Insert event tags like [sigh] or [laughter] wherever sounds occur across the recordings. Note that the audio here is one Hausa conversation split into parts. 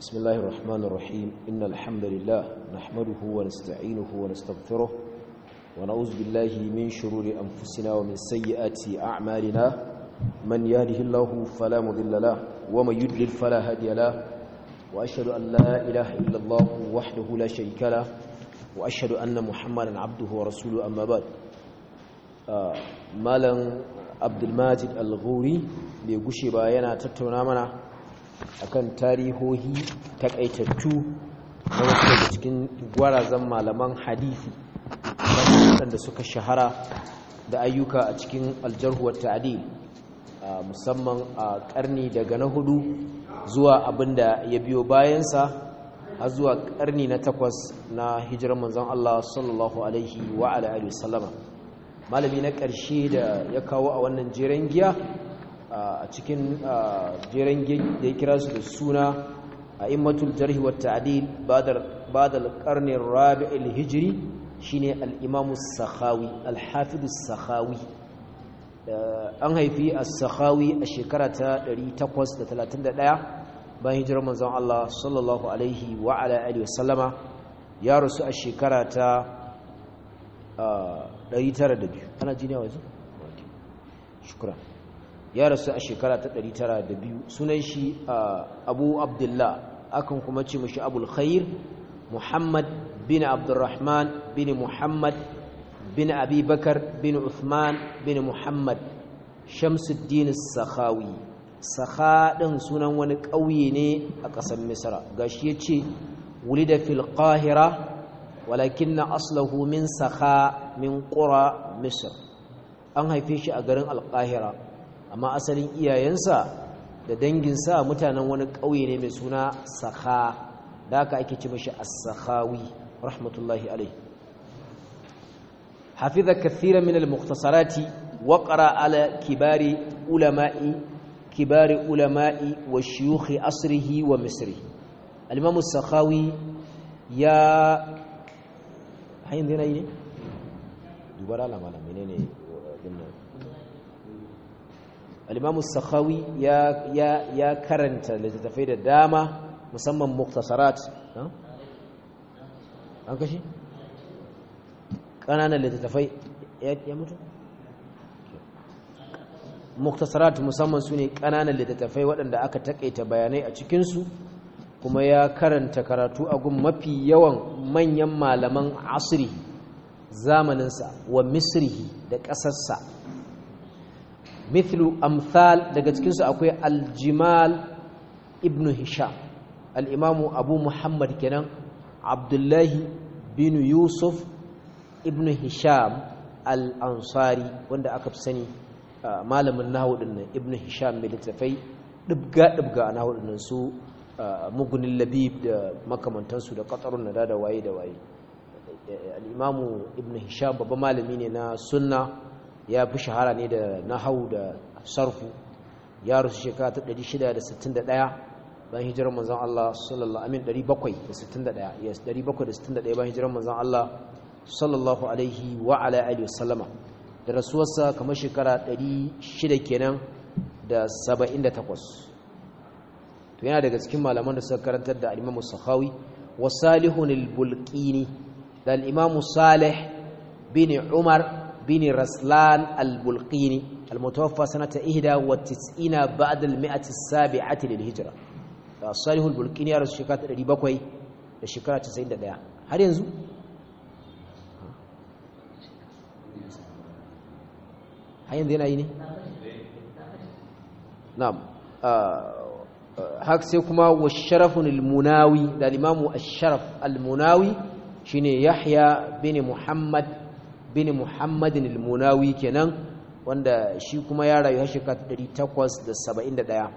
بسم الله الرحمن الرحيم إن الحمد لله نحمده ونستعينه ونستغفره ونعوذ بالله من شرور أنفسنا ومن سيئات أعمالنا من يهده الله فلا مضل له ومن يضلل فلا هادي له وأشهد أن لا إله إلا الله وحده لا شريك له وأشهد أن محمدا عبده ورسوله أما بعد آه مالا عبد الماجد الغوري بيغشي باينا تتونا منا akan tarihohi takaitattu na wasu cikin gwarazan malaman hadisi wanda suka shahara da ayyuka a cikin aljarhuwar ta'adi musamman a ƙarni daga na hudu zuwa abinda ya biyo bayansa har zuwa ƙarni na takwas na hijirar manzan Allah sallallahu alaihi wa salama, malami na ƙarshe da ya kawo a wannan jiran giya a cikin jeren da ya kira su da suna a immatul jarhi wa ba badal qarni rabi'il hijri shine al-imam as-sakhawi an haifi a sakhawi a shekara ta 831 bayan hijirar manzon Allah sallallahu alaihi wa ala alihi wa ya rasu a shekara ta 902 ana jiniya yanzu ya rasu a shekara ta 902 sunan shi abu abdullah akan kuma ce mashi abul khair muhammad bin abdurrahman bin muhammad bin abibakar bin uthman bin muhammad shamsuddin sakhawi sakha ɗin sunan wani ƙauye ne a ƙasar misra gashi ya ce wulida fil qahira walakin na aslahu min sakha min ƙura misr an haife shi a garin alƙahira amma asalin iyayensa da danginsa mutanen wani ƙauye ne mai suna sakha da aka ake ce mashi as-sakhawi rahmatullahi alai hafiza kathira min al-mukhtasarati wa qara ala kibari ulama'i kibari ulama'i wa shuyukh asrihi wa misri al-imam as-sakhawi ya hayin dai ne dubara la malam menene al-imamu sakhawi ya ya ya karanta littattafai da dama musamman muktasarat an kashi ya mutu muktasarat musamman su ne ƙananan littattafai waɗanda aka taƙaita bayanai a cikinsu kuma ya karanta karatu a gun mafi yawan manyan malaman asiri zamaninsa wa misrihi da ƙasarsa mithlu amsal daga cikinsu akwai aljimal ibnu hisham al'imamu abu muhammad kenan abdullahi bin yusuf ibn hisham Al-Ansari wanda aka fi sani malamin nahudin nan ibn hisham mai littafai ɗibga-ɗibga a nahudin nan su mugunin labib da makamantansu da ƙasarun nada da waye da waye al'imamu ibn hisham babban malami ne na sunna ya fi shahara ne da nahau da sarfu ya rusu shekara ta 661 bayan hijirar manzan Allah sallallahu amin 761 yes 761 bayan hijirar manzan Allah sallallahu alaihi wa ala alihi wasallama da rasuwarsa kamar shekara 600 kenan da 78 to yana daga cikin malaman da suka karantar da al-Imam wa Salihun al-Bulqini da al-Imam Salih bin Umar بن رسلان البلقيني المتوفى سنة وتسئين بعد المئة السابعة للهجرة صالح البلقيني يارس شكات ريباكوي تسعين دقاء هل ينزو؟ هل ينزينا يني؟ نعم آه، آه، هاك سيكما والشرف المناوي ده الإمام الشرف المناوي شيني يحيى بن محمد bin muhammadin al kenan wanda shi kuma ya rayu har shekara 871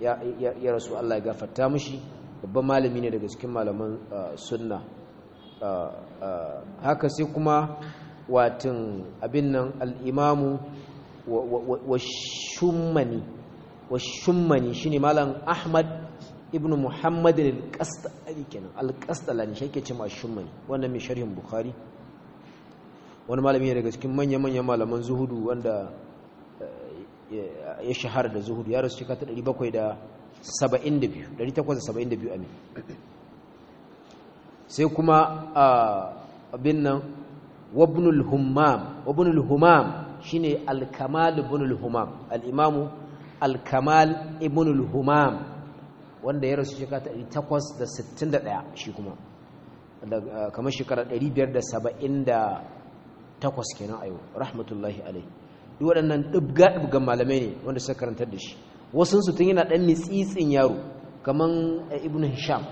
ya ya rasu Allah ya gafarta mashi babban malami ne daga cikin malaman uh, sunna uh, uh, haka sai kuma watin abin nan al'imamu imamu wa shummani shi ne shine malam ahmad ibnu muhammadin al-qastalani kenan al shi yake cewa shummani wannan mai sharhin bukari. wani malami ne daga cikin manya-manyan malaman zuhudu wanda eh, ya shahara da zuhudu ya rasu shekara ta 772 amin sai kuma abin nan wabnul humam shi ne shine al-kamal ibnul humam al-imamu al-kamal ibnul humam wanda ya rasu shi ta 861 shi kuma kamar shekara 570 takwas kenan ayo rahmatullahi alai duk waɗannan dubga ga malamai ne wanda suka karantar da shi wasun su tun yana dan nitsitsin yaro a eh, ibn hisham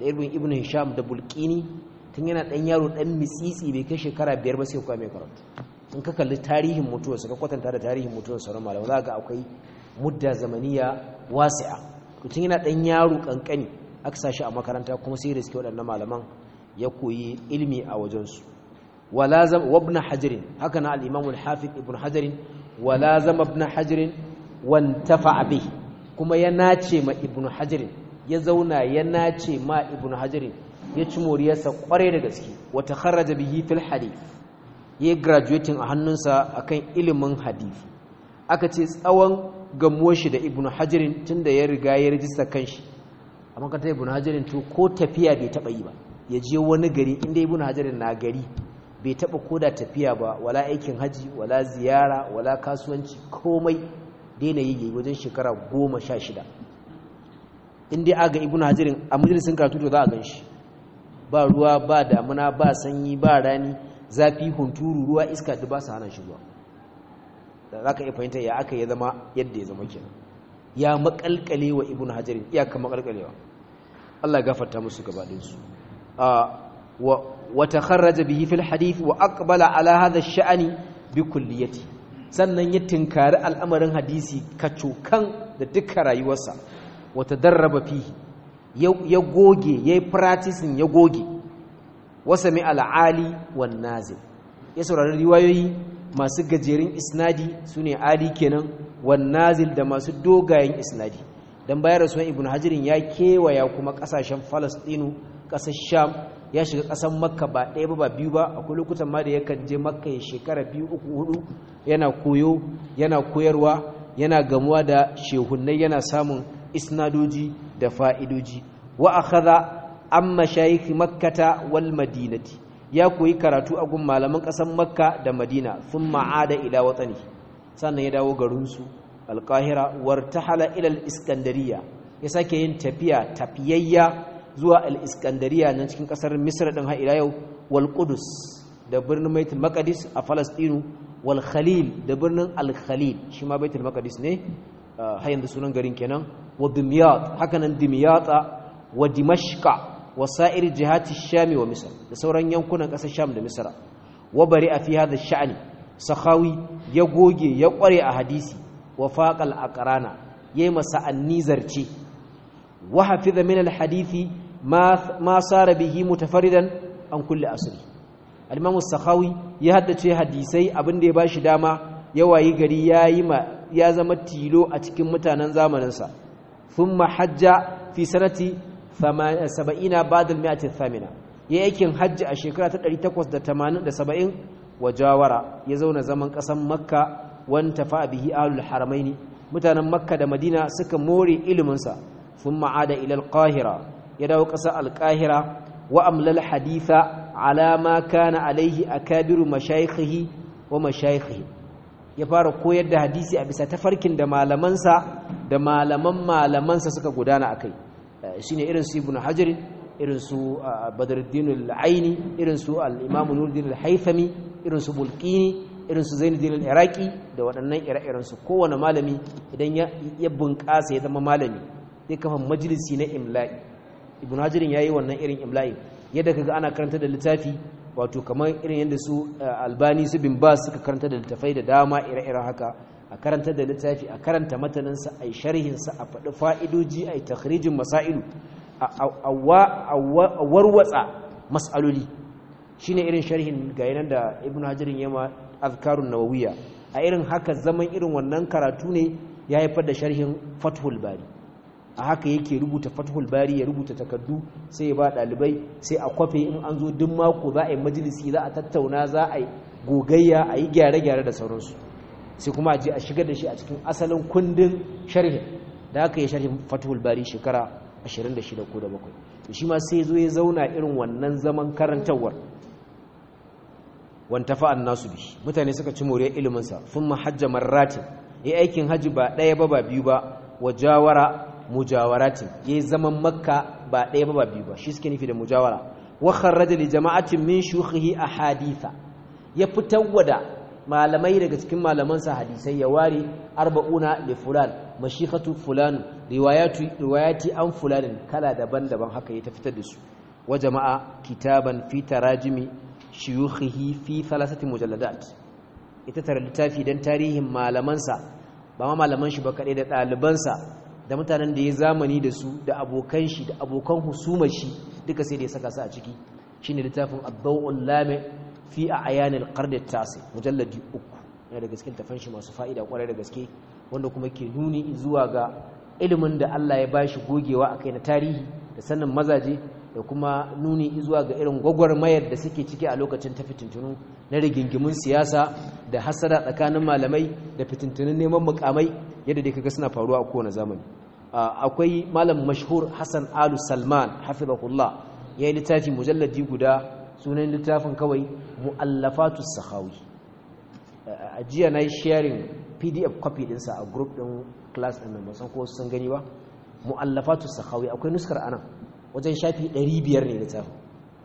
da irin ibn hisham da bulkini tun yana dan yaro dan mitsitsi bai kai shekara biyar ba sai kuwa mai karanta in ka kalli tarihin mutuwar ka kwatanta da tarihin mutuwar sauran malamai za ga akwai mudda zamaniya wasi'a tun yana ɗan yaro kankani aka sa shi a makaranta kuma sai da suke waɗannan malaman ya koyi ilmi a wajensu ولازم وابن حجر هكنا الإمام الحافظ ابن حجر ولازم ابن حجر وانتفع به كما يناتي ما ابن حجر يزونا يناتي ما ابن حجر يتمور يسا قرير غسكي وتخرج به في الحديث يجراجويتين أهننسا أكين إلمن حديث أكتس أوان gamuwarshi da ibn hajirin tun da ya riga ya rijista kanshi a makarantar ibn hajirin to ko tafiya bai taɓa yi ba ya je wani gari inda ibn hajirin na bai taɓa koda tafiya ba wala aikin haji wala ziyara wala kasuwanci komai daina yi yi wajen shekara goma sha shida inda ga ibn hajirin a majalisun karatu to za a gan shi ba ruwa ba damuna ba sanyi ba rani zafi hunturu ruwa iska da ba su hana shi ruwa da za ka iya fahimta ya aka ya zama yadda ya zama kenan ya makalkale wa ibn hajirin iyaka makalkalewa allah gafarta musu gabaɗinsu ah, وتخرج به في الحديث وأقبل على هذا الشأن بكليته sannan ya tinkari al'amarin hadisi kacokan da duka rayuwarsa wata darraba fi ya goge ya yi practicing ya goge wasa mai al'ali wan ya saurari riwayoyi masu gajerin isnadi su ne ali kenan wan da masu dogayen isnadi don bayar da sunan ibn hajirin ya kewaya kuma kasashen falastinu ƙasashen. sham ya shiga ƙasan makka ba ɗaya ba biyu ba akwai lokutan ma da ya kan je makka ya shekara biyu uku hudu yana koyo yana koyarwa yana gamuwa da shehunai yana samun isnadoji da fa'idoji wa akhadha amma mashayiki makkata wal madinati ya koyi karatu a gun malaman ƙasar makka da madina sun ma'ada ila watsani sannan ya dawo garinsu alƙahira wartahala ilal iskandariya ya sake yin tafiya tafiyayya zuwa aliskandariya iskandariya nan cikin ƙasar misra ɗin har yau walƙudus da birnin maitin Makadis a falastinu wal da birnin al shi ma ne har sunan garin kenan wa dimyat hakanan nan wa Dimashka wa sa'ir jihati sham wa da sauran yankunan ƙasar sham da misra wa a fi hadha sha'ni sakhawi ya goge ya ƙware a hadisi wa faqal ya yayi masa annizarci wa hafiza da al hadisi ma sara bihi mutafaridan an kulle asri al-imam ya haddace hadisai abin da ya bashi dama ya wayi gari yayi ya zama tilo a cikin mutanen zamanin sa thumma fi sanati 70 ba'da al-mi'ati thamina ya aikin hajji a shekara ta 870 wajawara ya zauna zaman kasan makka wanta fa bihi ahlul ne. mutanen makka da madina suka more iliminsa. sa thumma ada ila al ya dawo ƙasar alƙahira wa amlal haditha ala ma kana alaihi akabiru mashayikhi wa mashayikhi ya fara koyar da hadisi a bisa tafarkin da malamansa da malaman malamansa suka gudana akai eh, shine irin su ibn hajar irin su ah, badruddin al-aini irin su al-imam nuruddin al-haythami irin su bulqini irin su zainuddin al-iraqi da waɗannan ire-iren su kowane malami idan ya bunƙasa ya zama malami zai kafa majalisi na imla'i ibn hajirin ya yi wannan irin imla'i yadda kaga ana karanta da littafi wato kamar irin yadda su eh, albani su bin ba suka karanta da littafai da dama ire-iren haka a karanta da littafi a karanta mataninsa a yi sharhinsa a faɗi fa'idoji a yi takarijin masailu a warwatsa mas'aloli shi ne irin sharhin ga yanar da ibn hajirin yama azkarun nawawiya a irin haka zaman irin wannan karatu ne ya haifar da sharhin fathul bari a haka yake rubuta fathul bari ya rubuta takardu sai ya ba dalibai sai a kwafe in an zo duk mako za a yi majalisi za a tattauna za a yi gogayya a yi gyare-gyare da sauransu sai kuma a je a shigar da shi a cikin asalin kundin sharhi da haka ya sharhi fathul bari shekara 26 ko da bakwai to shi ma sai zo ya zauna irin wannan zaman karantawar wanta fa'an nasu bi mutane suka ci moriyar iliminsa sun mahajjamar ratin ya aikin hajji ba ɗaya ba ba biyu ba wajawara. mujawaratin yi zaman makka ba ɗaya ba ba biyu ba shi suke nufi da mujawara wa kharraja li jama'atin min a ahaditha ya fitar wada malamai daga cikin malamansa hadisai ya ware arba'una da fulan mashihatu fulanu riwayatu riwayati an fulanin kala daban-daban haka ya tafitar da su wa jama'a kitaban fi tarajimi shuyukhihi fi thalathati mujalladat ita tare littafi dan tarihin malamansa ba ma malaman shi ba kaɗai da ɗalibansa da mutanen da ya zamani da su da abokan shi da abokan husumar shi duka sai da ya saka su a ciki shine littafin ad Lame lami fi a qarn at-tasi mujalladi uku yana da gaske tafan shi masu fa'ida kwarai da gaske wanda kuma ke nuni zuwa ga ilimin da Allah ya bashi gogewa a kai na tarihi da sannan mazaje da kuma nuni izuwa ga irin gwagwarmayar da suke ciki a lokacin ta fitintunu na rigingimun siyasa da hasara tsakanin malamai da fitintunun neman mukamai yadda dai kaga suna faruwa a kowane zamani akwai malam mashhur hassan alu salman hafizahullah ya yi littafi mujalladi guda sunan littafin kawai mu'allafatu sahawi a jiya na yi sharing pdf copy dinsa a group din class din nan ba san sun gani ba mu'allafatu sahawi akwai nuskar anan wajen shafi 500 ne littafin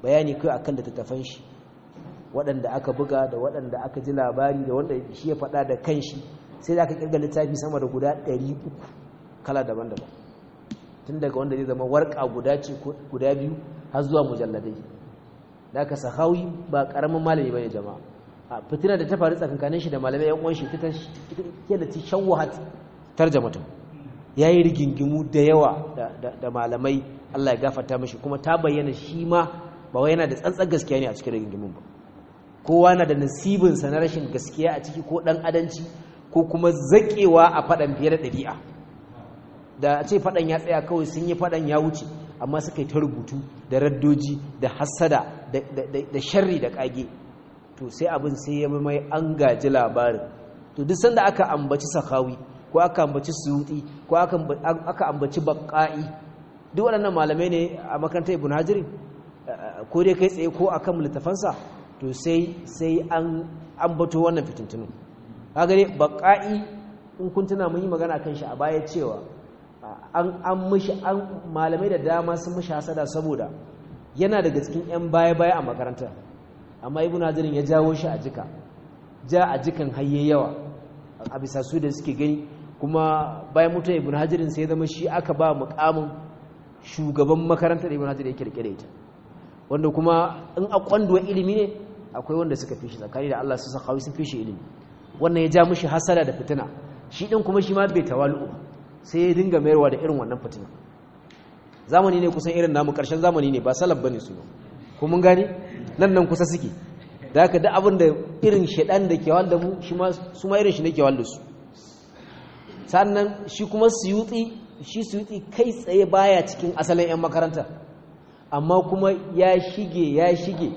bayani kai akan da tattafan shi waɗanda aka buga da waɗanda aka ji labari da wanda shi ya faɗa da kanshi sai da aka kirga littafi sama da guda 300 kala daban-daban tun daga wanda zai zama warka guda ce guda biyu har zuwa mujalladai da aka sahawi ba ƙaramin malami bane jama'a a fitina da ta faru tsakankanin shi da malamai yan uwan shi ta kelati tarjama ta yayi rigingimu da yawa da malamai Allah ya gafarta mashi kuma ta bayyana shi ma ba wai yana da tsantsar gaskiya ne a cikin rigingimin ba kowa na da nasibin sa na rashin gaskiya a ciki ko dan adanci ko kuma zakewa a fadan fiye da dabi'a da a ce fadan ya tsaya kawai sun yi fadan ya wuce amma suka yi ta rubutu da raddoji da hassada da sharri da kage to sai abin sai ya mai an gaji labarin to duk sanda aka ambaci sakawi ko aka ambaci suyuti ko aka ambaci baka'i duk waɗannan malamai ne a makarantar ibn hajirin ko dai kai tsaye ko a akan littafansa to sai sai an ambato wannan fitintunu gani dai in kuntuna mun yi magana kan shi a baya cewa an an an malamai da dama sun mishi hasada saboda yana daga cikin yan baya baya a makaranta amma ibn hajirin ya jawo shi a jika ja a jikan hayye yawa a bisa su da suke gani kuma bayan mutuwa ibn hajirin sai zama shi aka ba mukamin shugaban makarantar ibn da ya kirkire ita wanda kuma in a kwanduwa ilimi ne akwai wanda suka fi shi tsakani da Allah su hawi sun fi shi ilimi wannan ya ja mishi hasara da fitina shi ɗin kuma shi ma bai tawalu sai ya dinga mayarwa da irin wannan fitina zamani ne kusan irin namu karshen zamani ne ba salab bane su ko mun gane nan nan kusa suke da haka duk abin da irin shedan da ke wallafu mu shi ma su ma irin shi ne ke wanda su sannan shi kuma suyuti shi suyuti kai tsaye baya cikin asalin 'yan makaranta amma kuma ya shige ya shige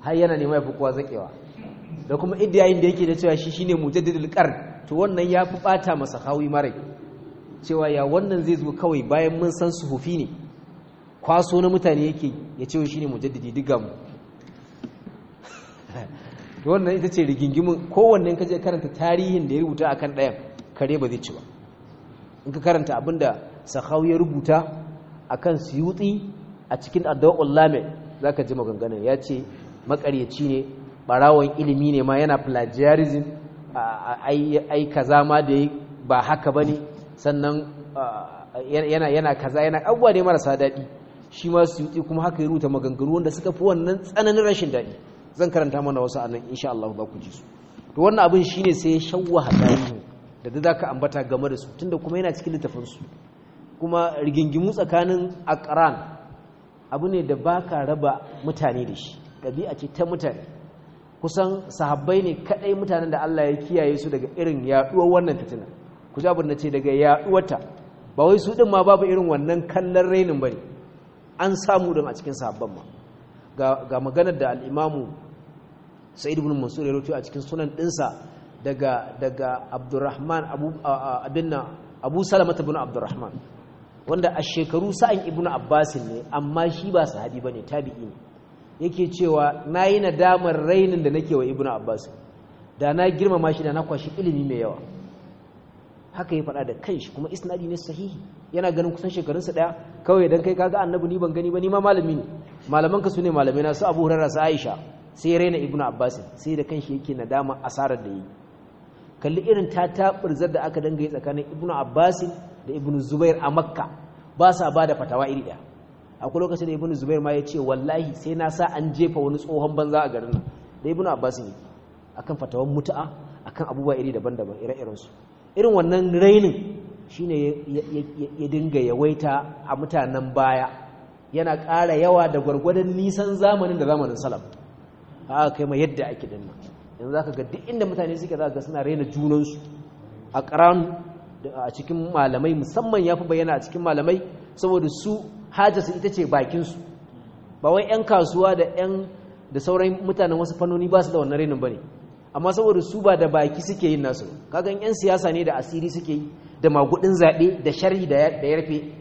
har yana nema ya fi kowa zaƙewa da kuma yayin da yake da cewa shi shine mujaddidul qarn to wannan ya fi bata masa hawi mara cewa ya wannan zai zo kawai bayan mun san suhufi ne kwaso na mutane yake ya ce shine mujaddidi diga mu [laughs] to wannan ita ce rigingimin kowanne kaje karanta tarihin da ya rubuta akan ɗayan kare ba zai ci ba in ka karanta abinda sakau ya rubuta a kan siyutsi a cikin addawul lame ka ji maganganun ya ce makaryaci ne barawon ilimi ne ma yana plagiarism ai kaza ma da ba haka ba ne sannan yana yana kaza yana abuwa ne marasa daɗi shi ma suyuti kuma haka ya rubuta maganganu wanda suka fi wannan tsananin rashin daɗi zan karanta mana wasu annan insha Allah za ku ji su to wannan abin shine sai shawwa hadari da da zaka ambata game da su tunda kuma yana cikin littafin su kuma rigingimu tsakanin aqran abu ne da baka raba mutane da shi ɗabi'a ce ta mutane kusan sahabbai ne kaɗai mutanen da Allah ya kiyaye su daga irin yaduwar wannan fitina ku ja abin da ce daga yaduwarta ba wai su din ma babu irin wannan kallon rainin bane an samu din a cikin sahabban ma ga maganar da al'imamu imamu Sa'id ibn Mansur ya rawaito a cikin sunan dinsa daga daga abdurrahman abu abinna abu salama bin abdurrahman wanda a shekaru sa'in ibnu abbas ne amma shi ba sahabi bane tabi'i ne yake cewa nayi nadamar rainin da nake wa ibnu abbas da na girmama shi da na kwashi ilimi mai yawa haka ya faɗa da kanshi kuma isnadi ne sahihi yana ganin kusan shekarunsa ɗaya kawai dan kai kaga annabi ni ban gani ba ni ma malami ne malaman ka su malamai na su abu hurara su aisha sai raina ibnu abbas sai da kanshi yake nadama asarar da yi kalli irin ta taɓurzar da aka dangaye tsakanin ibnu abbasin da ibnu zubair a makka ba sa ba da fatawa iri ɗaya akwai lokacin da ibnu zubair ma ya ce wallahi sai na sa an jefa wani tsohon banza a garin nan da ibnu abbasin yake akan fatawan mutu'a akan abubuwa iri daban-daban ire su irin wannan rainin shine ya dinga yawaita a mutanen baya yana kara yawa da gwargwadon nisan zamanin da zamanin salam a aka kai ma yadda ake dinnan yanzu zaka ga duk inda mutane suke zaka ga suna raina junansu a ƙaranu a cikin malamai musamman ya fi bayyana a cikin malamai saboda su hajjasa ita ce bakinsu ba wai 'yan kasuwa da 'yan da sauran mutanen wasu fannoni ba su da wannan rainin ba ne amma saboda su ba da baki suke yin nasu kagan 'yan siyasa ne da asiri suke yi da magudin zaɓe da sharhi da yarfe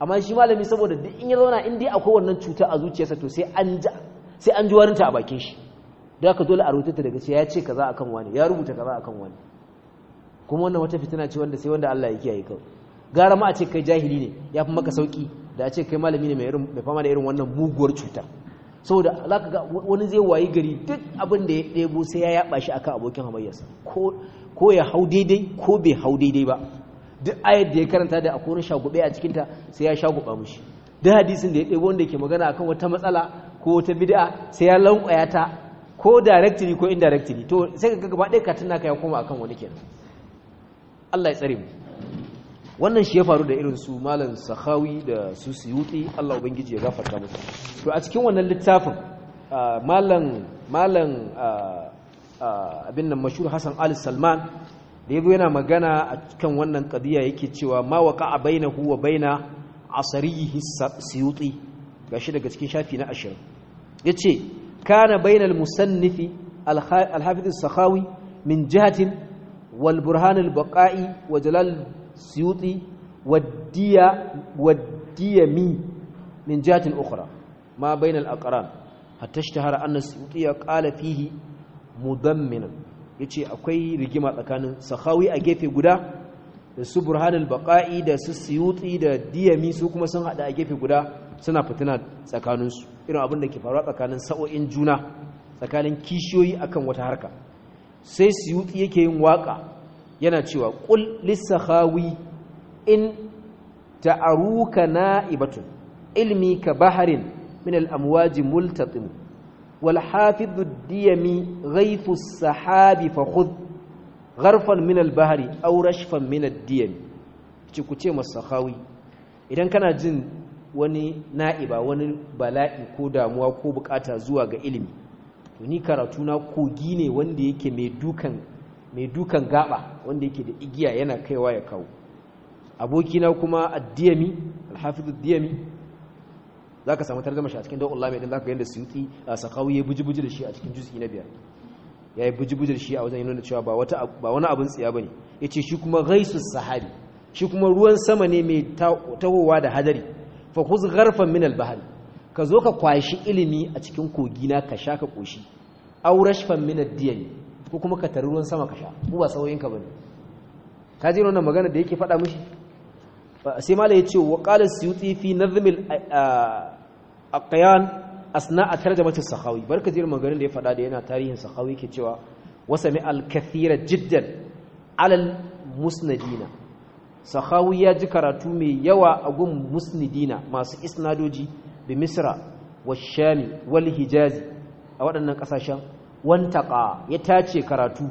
amma shi malami saboda duk in ya zauna in akwai wannan cuta a zuciyarsa to sai an ji warinta a bakin shi da aka dole a rubuta ta daga ce ya ce kaza akan wani ya rubuta kaza akan wani kuma wannan wata fitina ce wanda sai wanda Allah ya kiyaye kawai gara ma a ce kai jahili ne ya fi maka sauki da a ce kai malami ne mai fama da irin wannan muguwar cutar saboda za ga wani zai wayi gari duk abin da ya ɗebo sai ya yaba shi akan abokin hamayyarsa ko ya hau daidai ko bai hau daidai ba duk ayar da ya karanta da akwai wani shagube a cikinta sai ya shaguba mushi duk hadisin da ya ɗebo wanda ke magana akan wata matsala ko wata bid'a sai ya lankwaya ta ko directly ko indirectly to sai ka gaba ɗaya katin naka ya koma akan wani kenan Allah ya tsare mu wannan shi ya faru da irin su malam sahawi da su suyuti Allah ubangiji ya gafarta musu to a cikin wannan littafin malam malam abin nan mashhur Hassan Ali Salman da yazo yana magana a kan wannan qadiya yake cewa ma waqa bainahu wa baina asarihi suyuti gashi daga cikin shafi na 20 yace kana bainal musannifi al-hafiz as-sakhawi min jihatin wal burhan al-baqai wa jalal min jihatin ukhra ma bainal aqran hatta ishtahara anna suyuti qala fihi mudamminan yace akwai rigima tsakanin sakhawi a gefe guda da su burhanul baqa'i da su siyuti da diyami su kuma sun hada a gefe guda suna fitina tsakaninsu irin abin da ke faruwa tsakanin sa'o'in juna tsakanin kishiyoyi akan wata harka sai suyuti yake yin waka yana cewa qul lisakhawi in ta'aruka na'ibatun ilmi ka baharin min al-amwaji multatim wal hafidhu diyami ghaythu sahabi fa khudh gharfan min al-bahri aw rashfan min diyami ku ce masakhawi idan kana jin wani na'iba wani bala'i ko damuwa ko bukata zuwa ga ilimi to ni karatu na kogi ne wanda yake mai dukan mai dukan gaba wanda yake da igiya yana kaiwa ya kawo abokina kuma addiyami alhafizu diyami za ka samu tarzama shi a cikin da'ul lamai din za ka da suyuti a ya buji-buji da shi a cikin juz'i na biyar ya yi buji-buji da shi a wajen yi nuna cewa ba wani abin tsiya ba ne ya ce shi kuma gaisu sahabi shi kuma ruwan sama ne mai tahowa da hadari fa khuz gharfan min al ka zo ka kwashi ilimi a cikin kogi na ka sha ka koshi aw rashfan min ad ko kuma ka taru ruwan sama ka sha ko ba sauyin ka bane ka ji wannan magana da yake faɗa mishi sai malai yace wa qala suyuti fi nazm al-aqyan asna tarjamat as-sakhawi barka ji maganar da ya faɗa da yana tarihin sakhawi ke cewa wasami al-kathira jiddan alal musnadina sahawi ya ji karatu mai yawa a gun musnidina masu isnadoji da misra wa shami wal hijazi a waɗannan ƙasashen wantaka ya tace karatu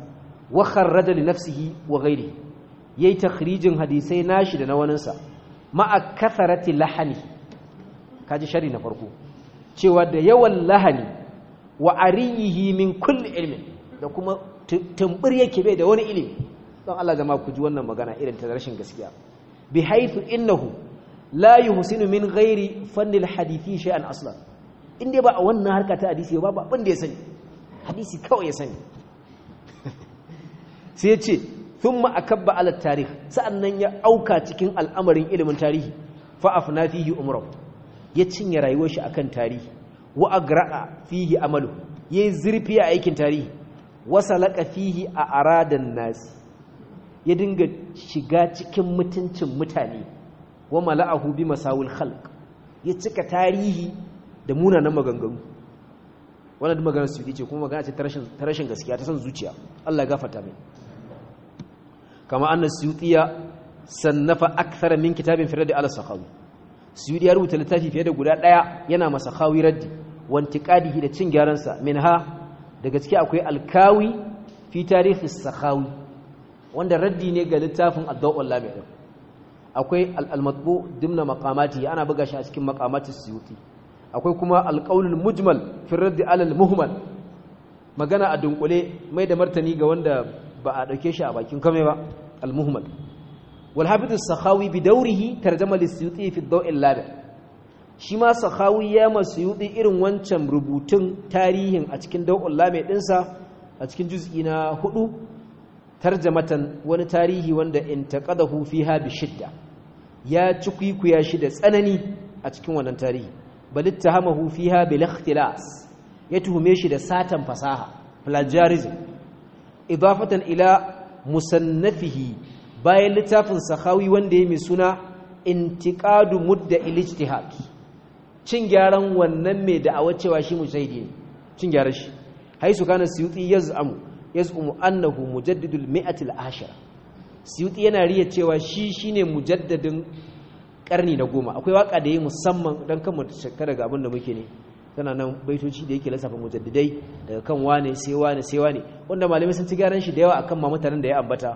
wa kharraja li nafsihi wa ghairihi yayi takhrijin hadisai nashi da na waninsa ma'a katharati lahani kaji shari na farko cewa da yawan lahani wa ariyihi min kulli ilmin da kuma tumbur yake bai da wani ilimi don Allah zama ku ji wannan magana irin ta rashin gaskiya bi haythu innahu la yuhsinu min ghairi fanni alhadithi shay'an aslan in dai ba a wannan harka ta hadisi ba ba abin da ya sani hadisi kawai ya sani [laughs] sai ya ce thumma akabba ala sa'an sa'annan ya auka cikin al'amarin ilimin tarihi fa afna fihi ya cinye rayuwar shi akan tarihi wa agra'a fihi amalu yayi zurfi a aikin tarihi wasa laqa fihi a aradan nasi ya dinga shiga cikin mutuncin mutane wa mala'ahu bi masawul khalq ya cika tarihi da munanan maganganu wannan da maganar su ce kuma magana ce ta rashin gaskiya ta san zuciya Allah ya gafarta mai kama anna suyutiya sannafa akthara min kitabin fi raddi al-sakhawi suyudi ya rubuta littafi fiye da guda daya yana masa khawi raddi wa da cin gyaran sa minha da gaskiya akwai al-kawi fi tarihi sakhawi wanda raddi ne ga littafin addawul lami din akwai al-matbu dimna maqamati ana buga shi a cikin maqamati suyuti akwai kuma al-qaulul mujmal fi raddi al-muhmal magana a dunkule mai da martani ga wanda ba a dauke shi a bakin kame ba al-muhmal wal hafiz as-sakhawi bi dawrihi tarjama lis-suyuti fi ad lami shi ma sahawi ya masu yudi irin wancan rubutun tarihin a cikin dau'ul lame dinsa a cikin juz'i na huɗu. tarjamatan wani tarihi wanda intaqadahu fiha bi shidda ya cikuikuya shi da tsanani a cikin wannan tarihi bal ittahamahu fiha bil ikhtilas ya tuhume shi da satan fasaha plagiarism idafatan ila musannafihi bayan littafin sahawi wanda ya mai suna intiqadu mudda ijtihad cin gyaran wannan mai da'awa cewa shi mujtahidi ne cin gyaran shi haisu kana suyuti yaz'amu yaz'umu annahu mujaddidul mi'atil ashira suyuti yana riya cewa shi shine mujaddadin karni na goma akwai waka da yi musamman don kan mu shekara daga abin da muke ne tana nan baitoci da yake lasafa mujaddidai daga kan wane sai wane sai wane wanda malamai sun ci gyaran shi da yawa akan ma mutanen da ya ambata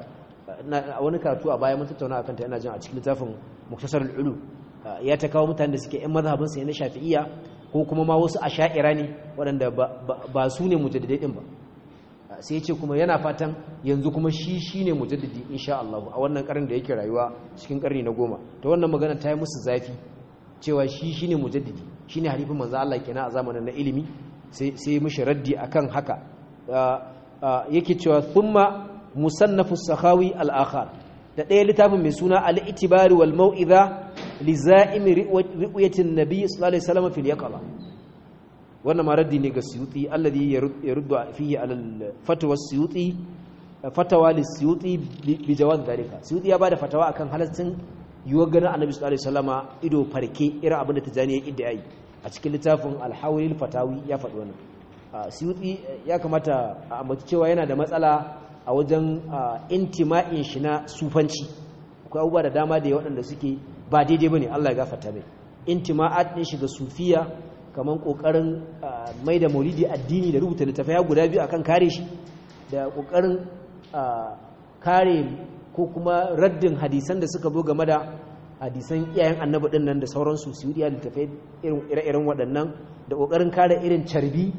a wani karatu a baya mun tattauna akan ta yana jin a cikin littafin muktasar ulu ya ta kawo mutanen da suke yan mazhabin sa na shafi'iyya ko kuma ma wasu asha'ira ne waɗanda ba su ne mujaddidai din ba sai ce kuma yana fatan yanzu kuma shi shine mujaddidi insha Allah a wannan karin da yake rayuwa cikin karni na goma ta wannan magana ta yi musu zafi cewa shi shine mujaddidi ne halifin manzo Allah kenan a zamanin na ilimi sai sai mishi akan haka yake cewa thumma musannafus sakhawi al-akhar da ɗaya littafin mai suna alitibari wal mau'iza li za'imi ri'yatin nabi sallallahu alaihi wasallam fil yaqaba wannan ma raddi ne ga suyuti alladhi yaruddu fihi ala fatwa siyuti fatwa li siyuti bi jawaz zalika siyuti ya bada fatawa akan halaccin yuwa ganin annabi sallallahu alaihi wasallama ido farke irin abinda da tijani ya idda yayi a cikin littafin al-hawil fatawi ya faɗi wannan siyuti ya kamata a ambaci cewa yana da matsala a wajen intima'in shi na sufanci akwai abubuwa da dama da waɗanda suke ba daidai bane Allah ya gafarta mai intima'at din shi ga sufiya kamar kokarin mai da maulidi addini da rubuta ya guda biyu akan kare shi da kokarin kare ko kuma raddin hadisan da suka zo game da hadisan iyayen annabi din nan da sauransu su yi littafi irin ire waɗannan da kokarin kare irin carbi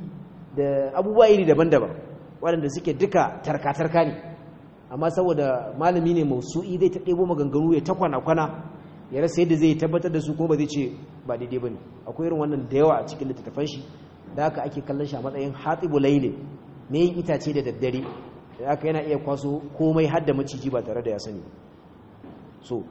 da abubuwa iri daban-daban waɗanda suke duka tarka-tarka ne amma saboda malami ne mausu'i zai ta ɗebo maganganu ya ta kwana-kwana ya rasa yadda zai tabbatar da su ko ba zai ce ba daidai ba ne akwai irin wannan da yawa a cikin littattafan shi da aka ake kallon shi a matsayin hatsi lailin ne yin itace da daddare da haka yana iya kwaso komai har maciji ba tare da ya sani so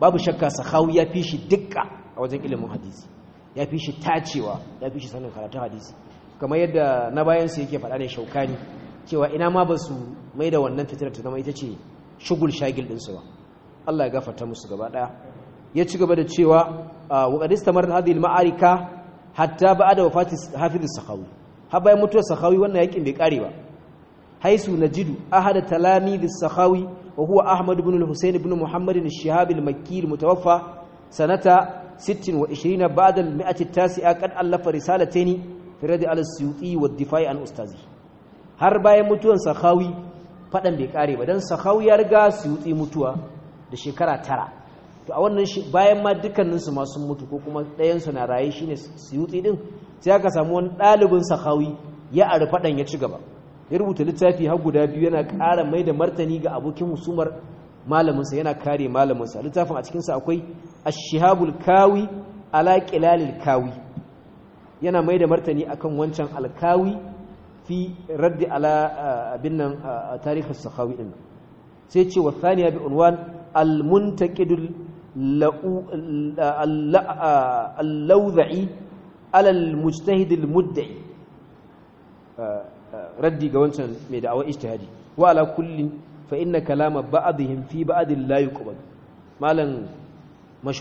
babu shakka sahawi ya fi shi dukka a wajen ilimin hadisi ya fi shi tacewa ya fi shi sanin karatun hadisi kamar yadda na bayan su yake faɗa ne shaukani cewa ina ma ba su mai da wannan fitar ta zama ita ce shugul shagil ɗinsu ba Allah ya gafarta musu gaba ɗaya ya ci gaba da cewa ah, wa qadista mar hadhihi al-ma'arika hatta da wafati hafiz as-sakhawi har bayan mutuwar sakhawi wannan yakin bai kare ba haisu najidu ahad talami da sakhawi wa huwa ahmad ibn al-husayn ibn muhammad al-shihab al-makki al-mutawaffa sanata 26 ba'da al-mi'ati at-tasi'a qad allafa risalataini fi radi al-suyuti wa ad-difa'i an ustazi har bayan mutuwar sakhawi fadan bai kare ba dan sakhawi ya riga suyuti mutuwa da shekara tara to a wannan shi bayan ma su ma sun mutu ko kuma ɗayansu na raye shine suyuti din sai aka samu wani ɗalibin sahawi ya ari rufaɗan ya ci gaba ya rubuta littafi har guda biyu yana ƙara mai da martani ga abokin husumar malaminsa yana kare malaminsa littafin a cikinsa akwai ashihabul kawi ala qilalil kawi yana mai da martani akan wancan alkawi fi raddi ala eh, abin nan a eh, tarihin sahawi din sai ce wa thaniya bi unwan al muntaqidul allauza'i alal mujtahidil mudda'i raddi ga wancan mai da'awar ijtihadi wa ala kullin fa inna kalama ba'dihim fi ba'din la malam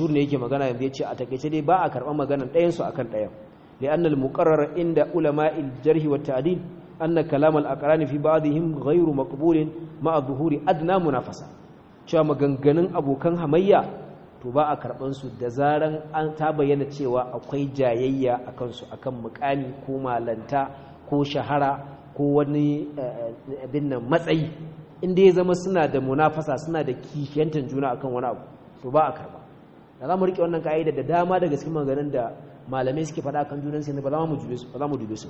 ne yake magana yanzu yace a takeice dai ba a karban maganar ɗayan su akan ɗayan لأن المقرر عند علماء الجرح والتعديل أن كلام الأقران في بعضهم غير مقبول مع ظهور adna منافسة cewa maganganun abokan hamayya to ba a karɓar su da zaran an ta bayyana cewa akwai jayayya a kansu akan mukami ko malanta ko shahara ko wani eh, abin nan matsayi inda ya zama suna da munafasa suna da kishiyantar juna akan wani abu to ba a karɓa da za mu riƙe wannan ka'ida da dama daga cikin maganganun da malamai suke faɗa kan junan sai ba za mu dube su ba za mu dube su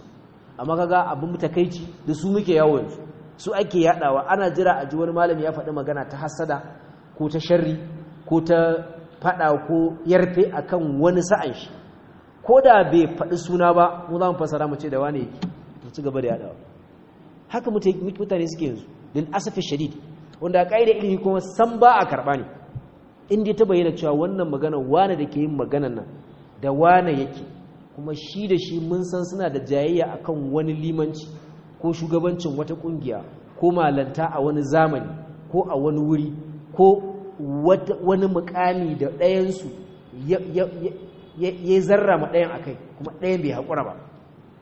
amma kaga abin mutakaici da su muke yawo yanzu su ake yadawa ana jira a ji wani malami ya faɗi magana ta hasada ko ta sharri ko ta faɗa ko yarfe akan wani sa'an shi ko da bai faɗi suna ba mu za mu fasara mu ce da wane yake mu ci gaba da yadawa haka mutane suke yanzu din asafi shadid wanda ƙa'ida ilimi kuma san ba a karɓa ne in dai ta bayyana cewa wannan magana wane da ke yin maganan nan da wane yake kuma shi da shi mun san suna da jayayya akan wani limanci ko shugabancin wata ƙungiya ko malanta a wani zamani ko a wani wuri ko wani mukami da ɗayansu ya zarra ma ɗayan a kai kuma ɗayan bai haƙura ba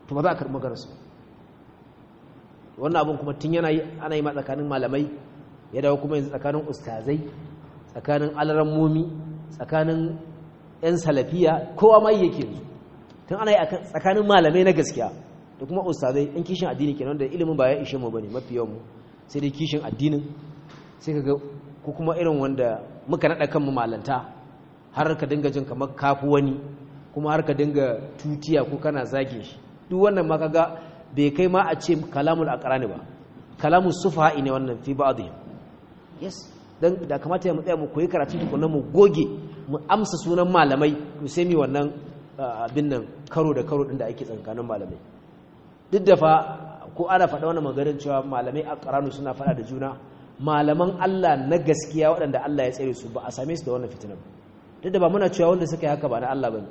to ba za a karɓi garasu wannan abin kuma tun yana yi ana yi ma tsakanin malamai ya dawo kuma yanzu tsakanin ustazai tsakanin alarammomi tsakanin 'yan salafiya kowa ma yake yanzu tun ana yi a tsakanin malamai na gaskiya da kuma ustazai in kishin addini kenan da ilimin ba ya ishe mu ba ne mafi yawan mu sai dai kishin addinin sai ka ga ko kuma irin wanda muka naɗa kanmu malanta har ka dinga jin kamar kafu wani kuma har ka dinga tutiya ko kana zagin shi duk wannan ma kaga bai kai ma a ce kalamul aqrani ba kalamu sufahi ne wannan fi ba'dih yes dan da kamata mu tsaya mu koyi karatu tukunna mu goge mu amsa sunan malamai mu sai mi wannan ah, abin nan karo da karo din da ake tsankanin malamai duk da fa ko ana faɗa wannan maganar cewa malamai aqranu suna faɗa da juna malaman Allah na gaskiya waɗanda Allah ya tsere su ba a same su da wannan ba duk da ba muna cewa wanda suka yi haka ba na Allah ne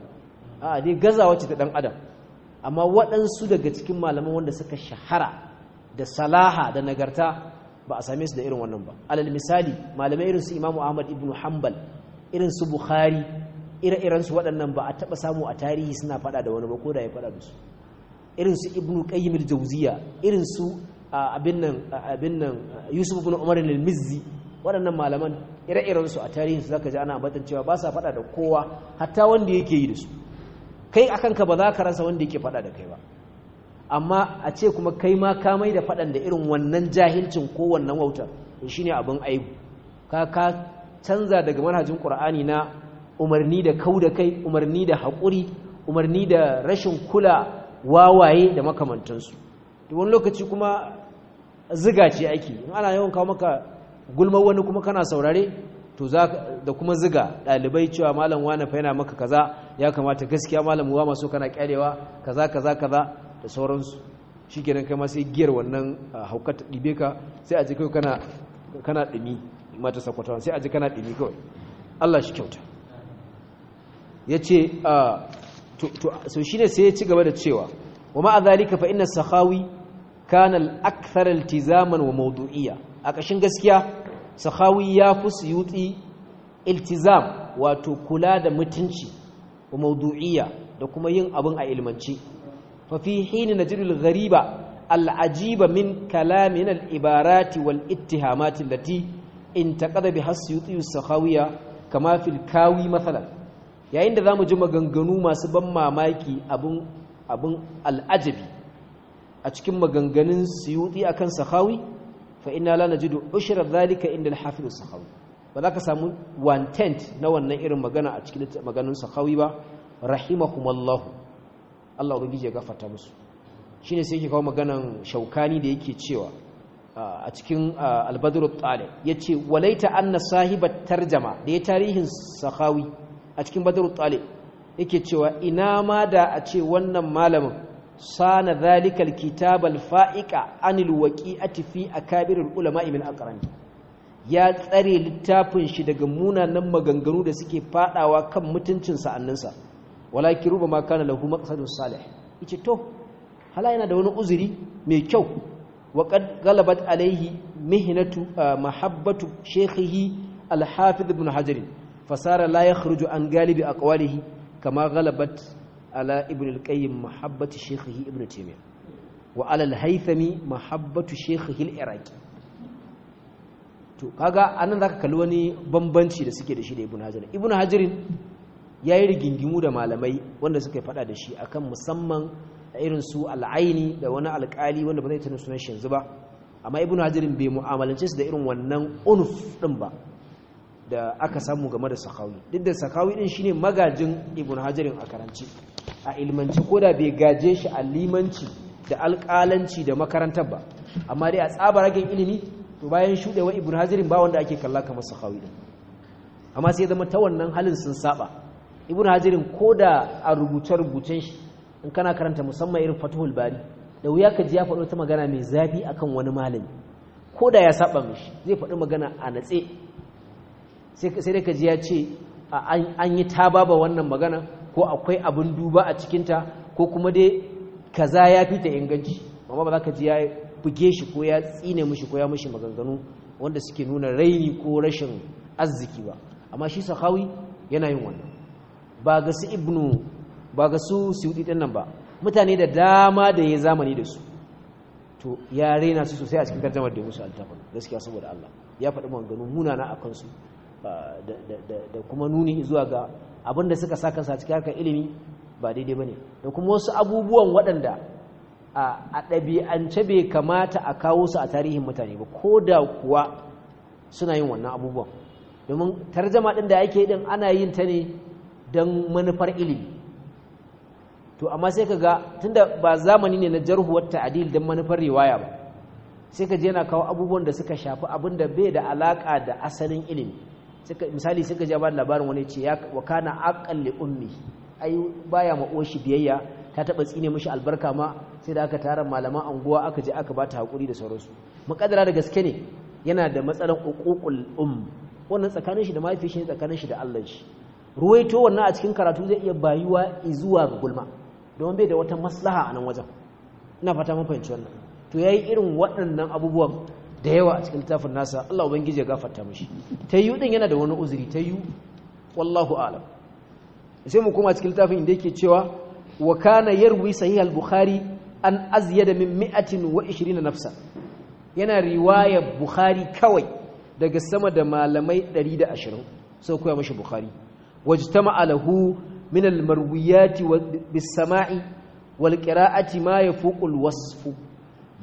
a dai gazawa ce ta dan adam amma waɗansu daga cikin malaman wanda suka shahara da salaha da nagarta ba a same su da irin wannan ba alal misali malamai irin su Imam Ahmad ibn Hanbal irin su Bukhari ire-iren su waɗannan ba a taɓa samu a tarihi suna faɗa da wani ba ko da ya faɗa da su irin su Ibn Qayyim al-Jawziya irin su abin nan Yusuf ibn Umar al-Mizzi waɗannan malaman ire-iren su a tarihin su zaka ji ana ambatan cewa ba sa faɗa da kowa hatta wanda yake yi da su kai akan ka ba za ka rasa wanda yake faɗa da kai ba amma a ce kuma kai ma ka mai da faɗan da irin wannan jahilcin ko wannan wautar shine abin aibu ka ka canza daga manhajin Qur'ani na umarni da kau da kai umarni da haƙuri umarni da rashin kula wawaye da makamantansu wani lokaci kuma ziga ce ake in ana yawan kawo maka gulmar wani kuma kana saurare to za da kuma ziga ɗalibai cewa malam wani faina yana maka kaza ya kamata gaskiya malam wa maso kana kyarewa kaza kaza kaza da sauransu Shi shikenan kai ma sai giyar wannan haukata ɗibe ka sai a ji kai kana kana ɗumi mata sakwatawan sai a ji kana ɗumi kawai Allah shi kyauta ya ce to shi ne sai ya ci gaba da cewa wa ma'a zalika fa inna sahawi kanal al-akthar iltizaman wa mawdu'iyya a kashin gaskiya sahawi ya fi suyuti iltizam wato kula da mutunci wa mawdu'iyya da kuma yin abin a ilmanci fa fi hin najidul ghariba al-ajiba min kalamin al-ibarati wal ittihamati allati intaqada biha suyuti sahawiya kama fil kawi mathalan yayin da zamu ji maganganu masu ban mamaki abin abin al'ajabi a cikin maganganun suyuti akan sahawi fa inna la najidu ushra dhalika inda al-hafiz sahawi ba za ka samu wantent na wannan irin magana a cikin maganganun sahawi ba rahimahumallahu Allah ubangiji ya gafarta musu shine sai yake kawo maganan shaukani da yake cewa a cikin al-badr at-talib yace walaita anna sahibat tarjama da ya tarihin sahawi a cikin badr talib yake cewa ina ma da a ce wannan malamin sana zalikal kitabal fa'ika faiqa anil waqi'ati fi akabir al-ulama min aqran ya tsare littafin shi daga munanan maganganu da suke fadawa kan mutuncin sa walakin rubama kana lahu maqsadun salih yace to hala yana da wani uzuri mai kyau wa qad galabat alaihi mihnatu ah, mahabbatu shaykhihi al-hafiz ibn hajar fasara la yakhruju an galibi aqwalihi kama galabat ala ibn al-qayyim mahabbatu shaykhihi ibn taymiyyah wa iraqi to kaga anan zaka kalli wani bambanci da suke da shi da ibn hajar ibn hajar yayi rigingimu da malamai wanda suka fada da shi akan musamman irin su al'aini da wani alƙali wanda ba zai tana sunan yanzu ba amma ibn hajar bai mu'amalance su da irin wannan unuf din ba da aka samu game da sakawi duk da sakawi din shine magajin ibn hajarin a karanci a ilmanci ko da bai gaje shi a limanci da alƙalanci da makarantar ba amma dai a tsaba ragen ilimi to bayan shuɗewa ibn hazirin ba wanda ake kalla kamar sahawi din amma sai zama ta wannan halin sun saba ibn hazirin ko da a rubuce-rubucen shi in kana karanta musamman irin fatuhul bari da wuya ka ji ya faɗo ta magana mai zafi akan wani malami ko da ya saba mishi zai faɗi magana a natse sai dai ka ji ya ce an yi ta baba wannan magana ko akwai abin duba a cikinta ko kuma dai kaza ya fi ta inganci amma ba za ka ji ya buge shi ko ya tsine mushi ko ya mushi maganganu wanda suke nuna raini ko rashin arziki ba amma shi sahawi yana yin wannan ba ga su ibnu ba ga su siudi din nan ba mutane da dama da ya zamani da su to ya raina su sosai a cikin karjamar da musu altafan gaskiya saboda Allah ya faɗi maganganu munana a kansu ah, da kuma nuni zuwa ga abin suka sa kansa cikin harkar ilimi ba daidai ba ne da kuma wasu abubuwan waɗanda a ɗabi'ance bai kamata a kawo su a tarihin mutane ba ko da kuwa suna yin wannan abubuwan domin tarjama ɗin da ake ɗin ana yin ta ne don manufar ilimi to amma sai ka ga tunda ba zamani ne na jarhuwar ta'adil don manufar riwaya ba sai ka je yana kawo abubuwan da suka shafi abin da bai da alaƙa da asalin ilimi misali suka ja bada labarin wani ce ya wakana aqal ummi ai baya ma biyayya ta taba tsine mishi albarka ma sai da aka tara malaman anguwa aka je aka bata hakuri da sauransu makadara da gaske ne yana da matsalan uququl um wannan tsakanin shi da mafi shi tsakanin shi da Allah shi ruwaito wannan a cikin karatu zai iya bayuwa zuwa ga gulma don bai da wata maslaha a nan wajen ina fata mun wannan to yayi irin waɗannan abubuwan da yawa a cikin littafin nasa Allah ubangiji ya gafarta mishi yi din yana da wani uzuri tayyu wallahu alam sai mu kuma cikin littafin inda yake cewa wa kana yarwi sahih al-bukhari an azyada min 120 nafsa yana riwaya bukhari kawai daga sama da malamai 120 sai koya mishi bukhari wajtama'a lahu min al-marwiyati bis sama'i wal qira'ati ma yafuqu al-wasfu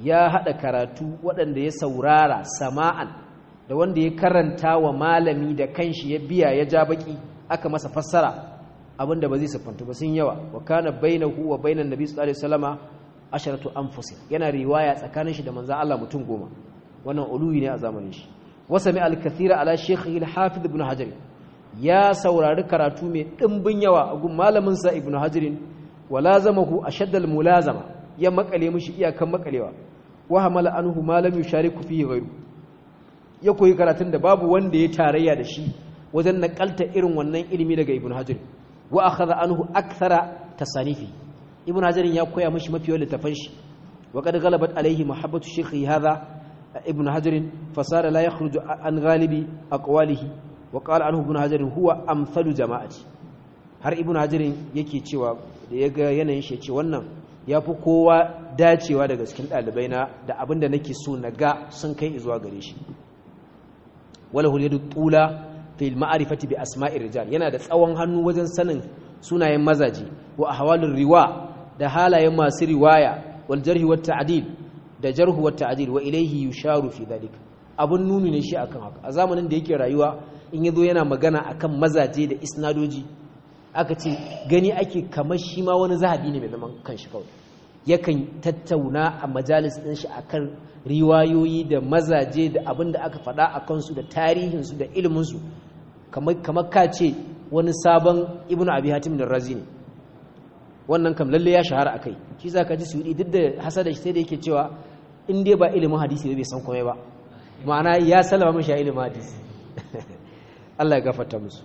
ya haɗa karatu waɗanda ya saurara sama'an da wanda ya karanta wa malami da kanshi ya biya ya ja baki aka masa fassara abinda ba zai siffanta ba sun yawa wa kana bainahu wa bainan nabi sallallahu alaihi wasallama asharatu anfusin yana riwaya tsakanin shi da manzon Allah mutum goma wannan uluwi ne a zamanin shi wasami al-kathira ala shaykhihi al-hafiz ibn hajar ya saurari karatu mai dimbin yawa a gun malamin sa ibn hajar walazamahu ashadd mulazama ya makale mishi iyakan makalewa wa hamala anhu ma lam yushariku fihi ghayru ya koyi karatun da babu wanda ya tarayya da shi wajen nakalta irin wannan ilimi daga ibn hajar wa akhadha anhu akthara tasanifi ibn hajar ya koya mishi mafi yawan littafan shi wa qad ghalabat alayhi mahabbatu shaykhi hadha ibn hajar fasara la yakhruju an ghalibi aqwalihi wa qala anhu ibn hajar huwa amsalu jama'ati har ibn hajar yake cewa da yaga yanayin shi ce wannan ya fi kowa dacewa daga cikin ɗalibai na da abin da nake so na ga sun kai izuwa gare shi wala hulyadu tula fil ma'arifati bi asma'ir rijal yana da tsawon hannu wajen sanin sunayen mazaji wa ahwalur riwa da halayen masu riwaya wal jarhi wat ta'dil da jarhu wat ta'dil wa ilayhi yusharu fi dalik abun nuni ne shi akan haka a zamanin da yake rayuwa in yazo yana magana akan mazaje da isnadoji aka ce gani ake kamar shi ma wani zahabi ne mai zaman kanshi kawai yakan tattauna a majalis ɗin shi akan riwayoyi da mazaje da abin da aka faɗa a kansu da tarihinsu da ilminsu kamar ka ce wani sabon ibn abi hatim da razi ne wannan kam lalle ya shahara akai shi za ka ji su duk da da shi sai da yake cewa in dai ba ilimin hadisi bai san komai ba ma'ana ya salama mashi ilimin hadisi [laughs] Allah ya gafarta musu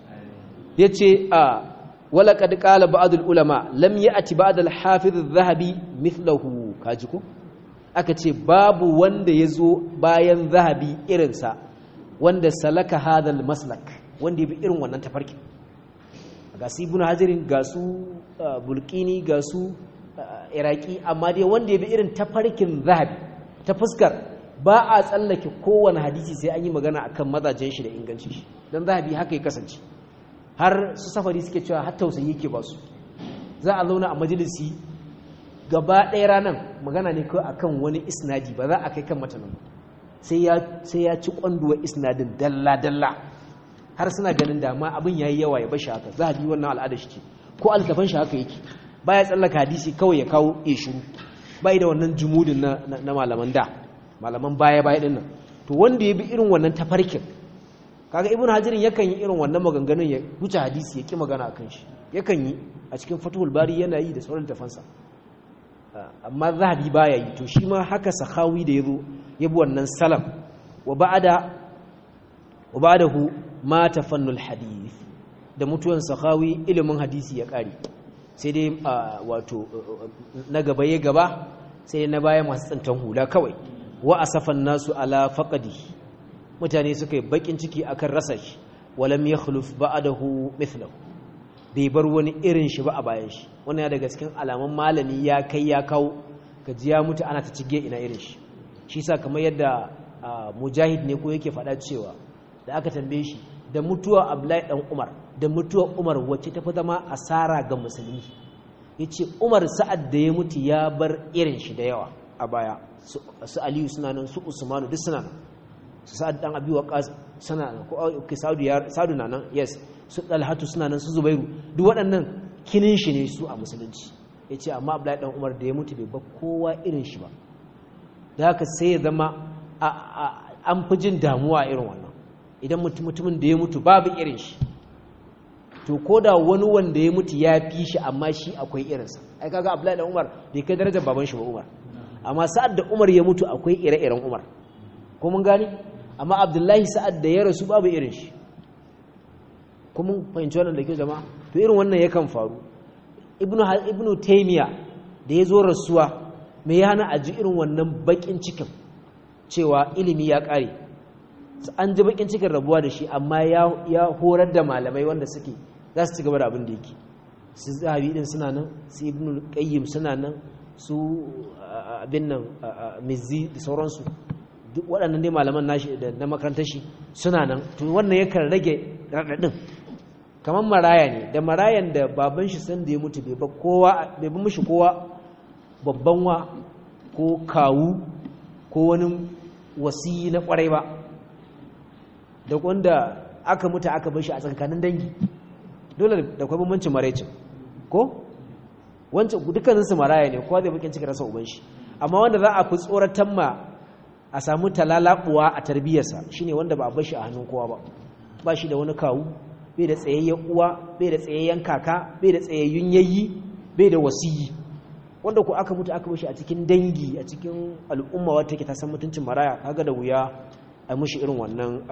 Ya ce a ah, ولقد قال بعض العلماء لم يأتي بعد الحافظ الذهبي مثله كاجكو akace babu wanda ya zo bayan zahabi irinsa wanda salaka hadal maslak wanda bi irin wannan tafarki ga su ibn hazirin ga su ga su iraki amma dai wanda ya bi irin tafarkin zahabi ta fuskar ba a tsallake kowane hadisi sai an yi magana akan mazajen shi da ingancin shi zahabi haka ya kasance har su safari suke cewa har tausayi yake ba su za a zauna a majalisi gaba ɗaya ranar magana ne kawai akan wani isnadi ba za a kai kan mata sai ya ci kwanduwa isnadin dalla-dalla har suna ganin dama abin ya yi yawa ya bashi haka za a bi wannan al'adar shi ko altafan shi haka yake ba ya tsallaka hadisi kawai ya kawo ishu ba da wannan jimudin na malaman da malaman baya baya dinnan to wanda ya bi irin wannan tafarkin kaga ibn hajirin yakan yi irin wannan maganganun ya wuce hadisi ya ki magana a kan shi yakan yi a cikin fatuhul bari yana yi da sauran tafansa amma zahabi baya yi to shi ma haka sahawi da yazo ya bi wannan salam wa ba'ada wa ba'dahu ma tafannul hadith da mutuwan sahawi ilimin hadisi ya kare sai dai wato na gaba ya gaba sai na baya masu tsantan hula kawai wa asafan nasu ala faqadihi mutane suka yi bakin ciki akan rasa shi walam ba da hu mithlau bai bar wani irin shi ba a bayan shi wannan ya daga cikin alaman malami ya kai ya kawo gaji ya mutu ana ta cige ina irin shi shi sa kamar yadda mujahid ne ko yake faɗa cewa da aka tambaye shi da mutuwa abulai dan umar da mutuwa umar wacce ta fi zama asara ga musulmi ya ce umar sa'ad da ya mutu ya bar irin shi da yawa a baya su aliyu suna nan su usmanu duk suna nan su sa'ad dan abi waqas sana ko sa'adu ya sa'adu na nan yes su dalhatu suna nan su zubairu duk waɗannan kinin shi ne su a musulunci yace amma abdullahi dan umar da ya mutu bai ba kowa irin shi ba da haka sai ya zama an fi jin damuwa irin wannan idan mutumin da ya mutu babu irin shi to ko da wani wanda ya mutu ya fi shi amma shi akwai irinsa ai kaga abdullahi dan umar bai kai darajar baban shi ba umar amma sa'ad da umar ya mutu akwai ire-iren umar ko mun gani amma abdullahi sa'ad da ya rasu babu irin shi kuma fahimci wannan da ke jama'a to irin wannan yakan faru ibnu taimiyya da ya zo rasuwa mai yana hana a ji irin wannan bakin cikin cewa ilimi ya kare an ji bakin cikin rabuwa da shi amma ya horar da malamai wanda suke za su ci gaba da abin da yake su zahabi din suna nan su ibnu kayyim suna nan su abin nan mizzi da sauransu duk waɗannan ne malaman nashi da na makarantar shi suna nan to wannan yakan rage raɗaɗin kamar maraya ne da marayan da baban shi san da ya mutu bai bi mashi kowa babban wa ko kawu ko wani wasi na ƙwarai ba da wanda aka mutu aka bar shi a tsakanin dangi dole da kwai bambancin maraicin ko wancan dukkaninsu maraya ne kowa zai bakin cikin rasa uban shi amma wanda za a fi tsoratan ma a samu talalabuwa a tarbiyarsa shine wanda ba a bashi a hannun kowa ba ba shi da wani kawu bai da tsayayyen uwa bai da tsayayyen kaka bai da tsayayyun yayi bai da wasiyi wanda ko aka mutu aka bashi a cikin dangi a cikin al'umma wata take ta san mutuncin maraya kaga da wuya a mushi irin wannan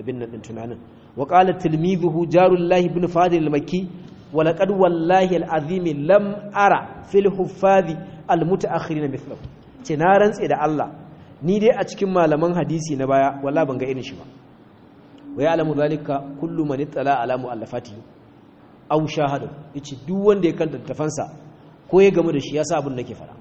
abin nan din tunanin wa qala tilmizuhu jarullah ibn fadil al-makki wa laqad wallahi al-azim lam ara fil huffazi al-mutaakhirin mithlahu ce na rantse da Allah ni dai a cikin malaman hadisi na baya walla ban ga irin shi ba wa ya'lamu zalika kullu man ittala ala mu'allafati aw shahada yace duk wanda ya kanta tafansa ko ya gamu da shi yasa abin nake fara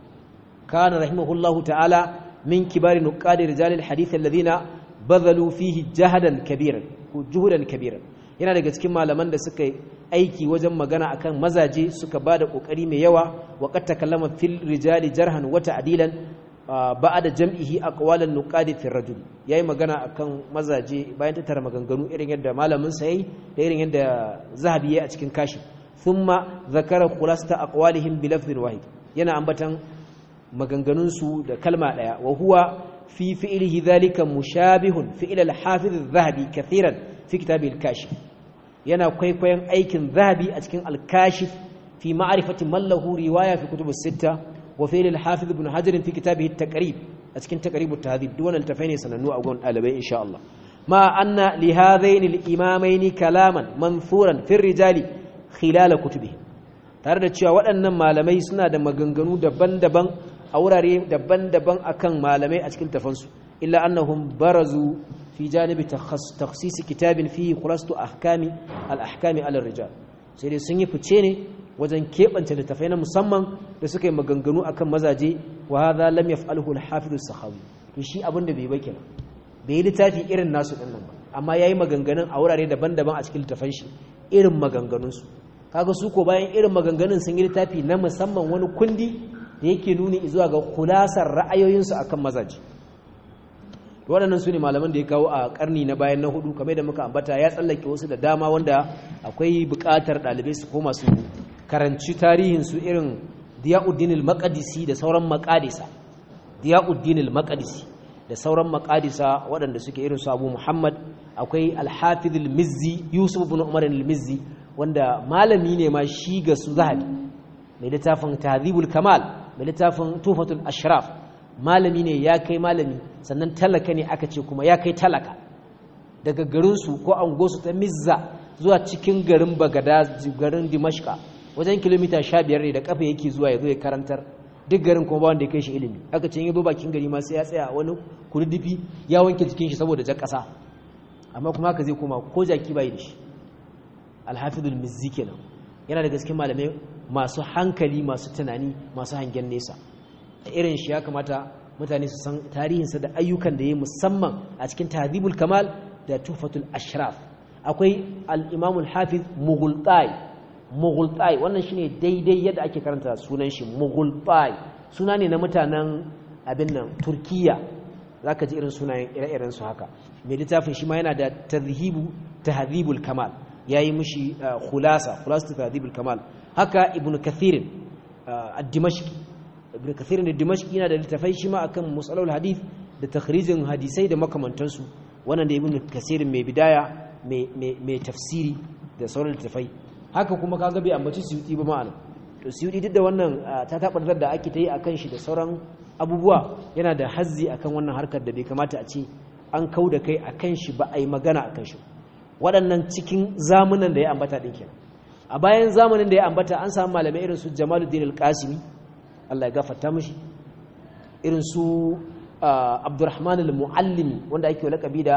kana rahimahullahu ta'ala min kibari nuqadi rijalil hadith alladhina bazalu fihi jahadan kabiran ko juhudan kabiran yana daga cikin malaman da suka aiki wajen magana akan mazaje suka bada kokari mai yawa wa qad takallama fil rijali jarhan wa ta'dilan da jam'ihi aqwalan nuqadi fi ya yi magana akan mazaje bayan tattara maganganu irin yadda malamin sa yayi da irin yadda zahabi yayi a cikin kashi thumma zakara khulasta aqwalihim bi lafdhin wahid yana ambatan maganganun su da kalma ɗaya wa huwa fi fi'ilihi zalika mushabihun fi'ilal al-hafiz adh-dhahabi kathiran fi kitab al-kashif yana kwaikwayon aikin zahabi a cikin alkashif fi ma'rifati mallahu lahu riwaya fi kutub as wa fi'l al-hafiz ibn hajar fi kitabihi at-taqrib a cikin ta at-tahdhib duk wannan tafai ne sanannu a gon dalibai insha ma anna li hadain al-imamain kalaman manfuran fi rijali khilal kutubi tare da cewa waɗannan malamai suna da maganganu daban-daban a wurare daban-daban kan malamai a cikin tafansu illa annahum barazu fi janibi takhassis kitabin fi khulasatu ahkami al-ahkami ala rijal sai dai sun yi fice ne wajen keɓance littafai na musamman da suka yi maganganu akan mazaje wa hadha lam yaf'alhu al hafidu as to shi abin da bai ba bai yi littafi irin nasu ɗin nan ba amma ya yi maganganun a wurare daban-daban a cikin littafan shi irin maganganunsu. ka kaga su ko bayan irin maganganun sun yi littafi na musamman wani kundi da yake nuni zuwa ga kulasar ra'ayoyinsu a akan mazaje waɗannan su ne malaman da ya kawo a ƙarni na bayan na hudu kamar da muka ambata ya tsallake wasu da dama wanda akwai buƙatar ɗalibai su koma su karanci tarihin su irin diya'uddin al da sauran maqadisa diya'uddin al da sauran maqadisa waɗanda suke irin su Muhammad akwai al-Hafiz al-Mizzi Yusuf ibn Umar al-Mizzi wanda malami ne ma shi ga su zahabi mai littafin Tahdhibul Kamal mai littafin Tufatul Ashraf malami ne ya kai malami sannan talaka ne aka ce kuma ya kai talaka daga garinsu ko angosu ta Mizza zuwa cikin garin Bagada garin Dimashka. wajen kilomita sha biyar ne da kafa yake zuwa ya zo ya karantar duk garin kuma ba wanda ya kai shi ilimi aka ce in yabo bakin gari ma sai ya tsaya wani kududdufi ya wanke jikin shi saboda jan kasa amma kuma haka zai koma ko jaki bai da shi alhafidul mizzi kenan yana da gaske malamai masu hankali masu tunani masu hangen nesa irin shi ya kamata mutane su san tarihinsa da ayyukan da ya yi musamman a cikin tahdibul kamal da tufatul ashraf akwai al-imamul hafiz mughultai mughultai wannan shine daidai yadda ake karanta sunan shi mughultai suna ne na mutanen abin nan turkiya zaka ji irin sunayen ire-iren su haka mai littafin shi ma yana da tadhibu tahdhibul kamal yayi mishi uh, khulasa khulasa tahdhibul kamal haka ibnu kathir uh, ad-dimashqi ibnu kathir ad-dimashqi yana da littafai shi ma akan musalul hadith da takhrijin hadisai da makamantansu wannan da ibnu kathir mai bidaya mai tafsiri da sauran littafai haka kuma kaga bai ambaci suyuti ba ma'ana to suyuti duk da wannan ta tabbatar da ake ta yi a kan shi da sauran abubuwa yana da hazzi akan wannan harkar da bai kamata a ce an kau da kai akan shi ba a yi magana akan shi waɗannan cikin zamunan da ya ambata ɗin kenan a bayan zamanin da ya ambata an samu malamai irin su jamaluddin al Allah ya gafarta mishi irin su abdurrahman al-muallimi wanda ake lakabi da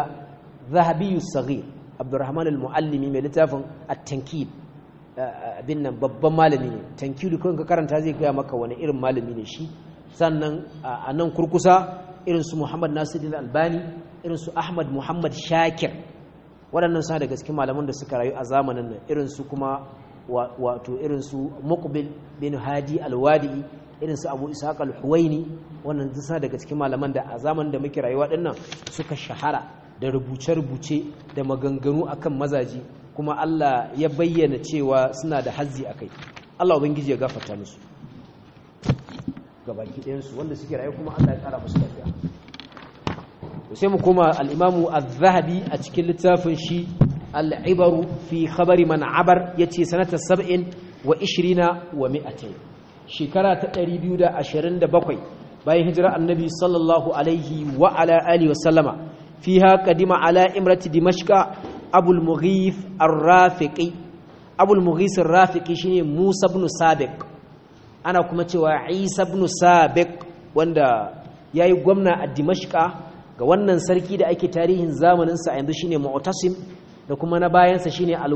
Zahabiyu saghir abdurrahman al-muallimi mai littafin at abin nan babban malami ne tankilu kawai ka karanta zai gaya maka wani irin malami ne shi sannan a nan kurkusa irin su muhammad nasiru albani irin su ahmad muhammad shakir waɗannan suna da gaske malaman da suka rayu a zamanin nan irin su kuma wato irin su bin hadi alwadi irin su abu isaq alhuwaini wannan suna daga cikin malaman da a zamanin da muke rayuwa ɗin suka shahara da rubuce-rubuce da maganganu akan mazaji kuma Allah ya bayyana cewa suna da hazzi a kai Allah ubangiji ya gafarta musu gabaki ɗayansu wanda suke rayu kuma Allah ya ƙara musu lafiya sai mu koma al'imamu al-zahabi a cikin littafin shi al-Ibaru fi khabari man abar ya ce sanatar sab'in wa ishirina wa mi'atai shekara ta 227 bayan hijira annabi sallallahu alaihi wa ala alihi wasallama fi ha kadima ala imrati dimashka abul mughif ar-rafiqi shine musa ibn sabiq ana kuma cewa isa ibn sabiq wanda yayi gwamna a dimashqa ga wannan sarki da ake tarihin zamanin sa yanzu shine mu'tasim da kuma na bayansa shine al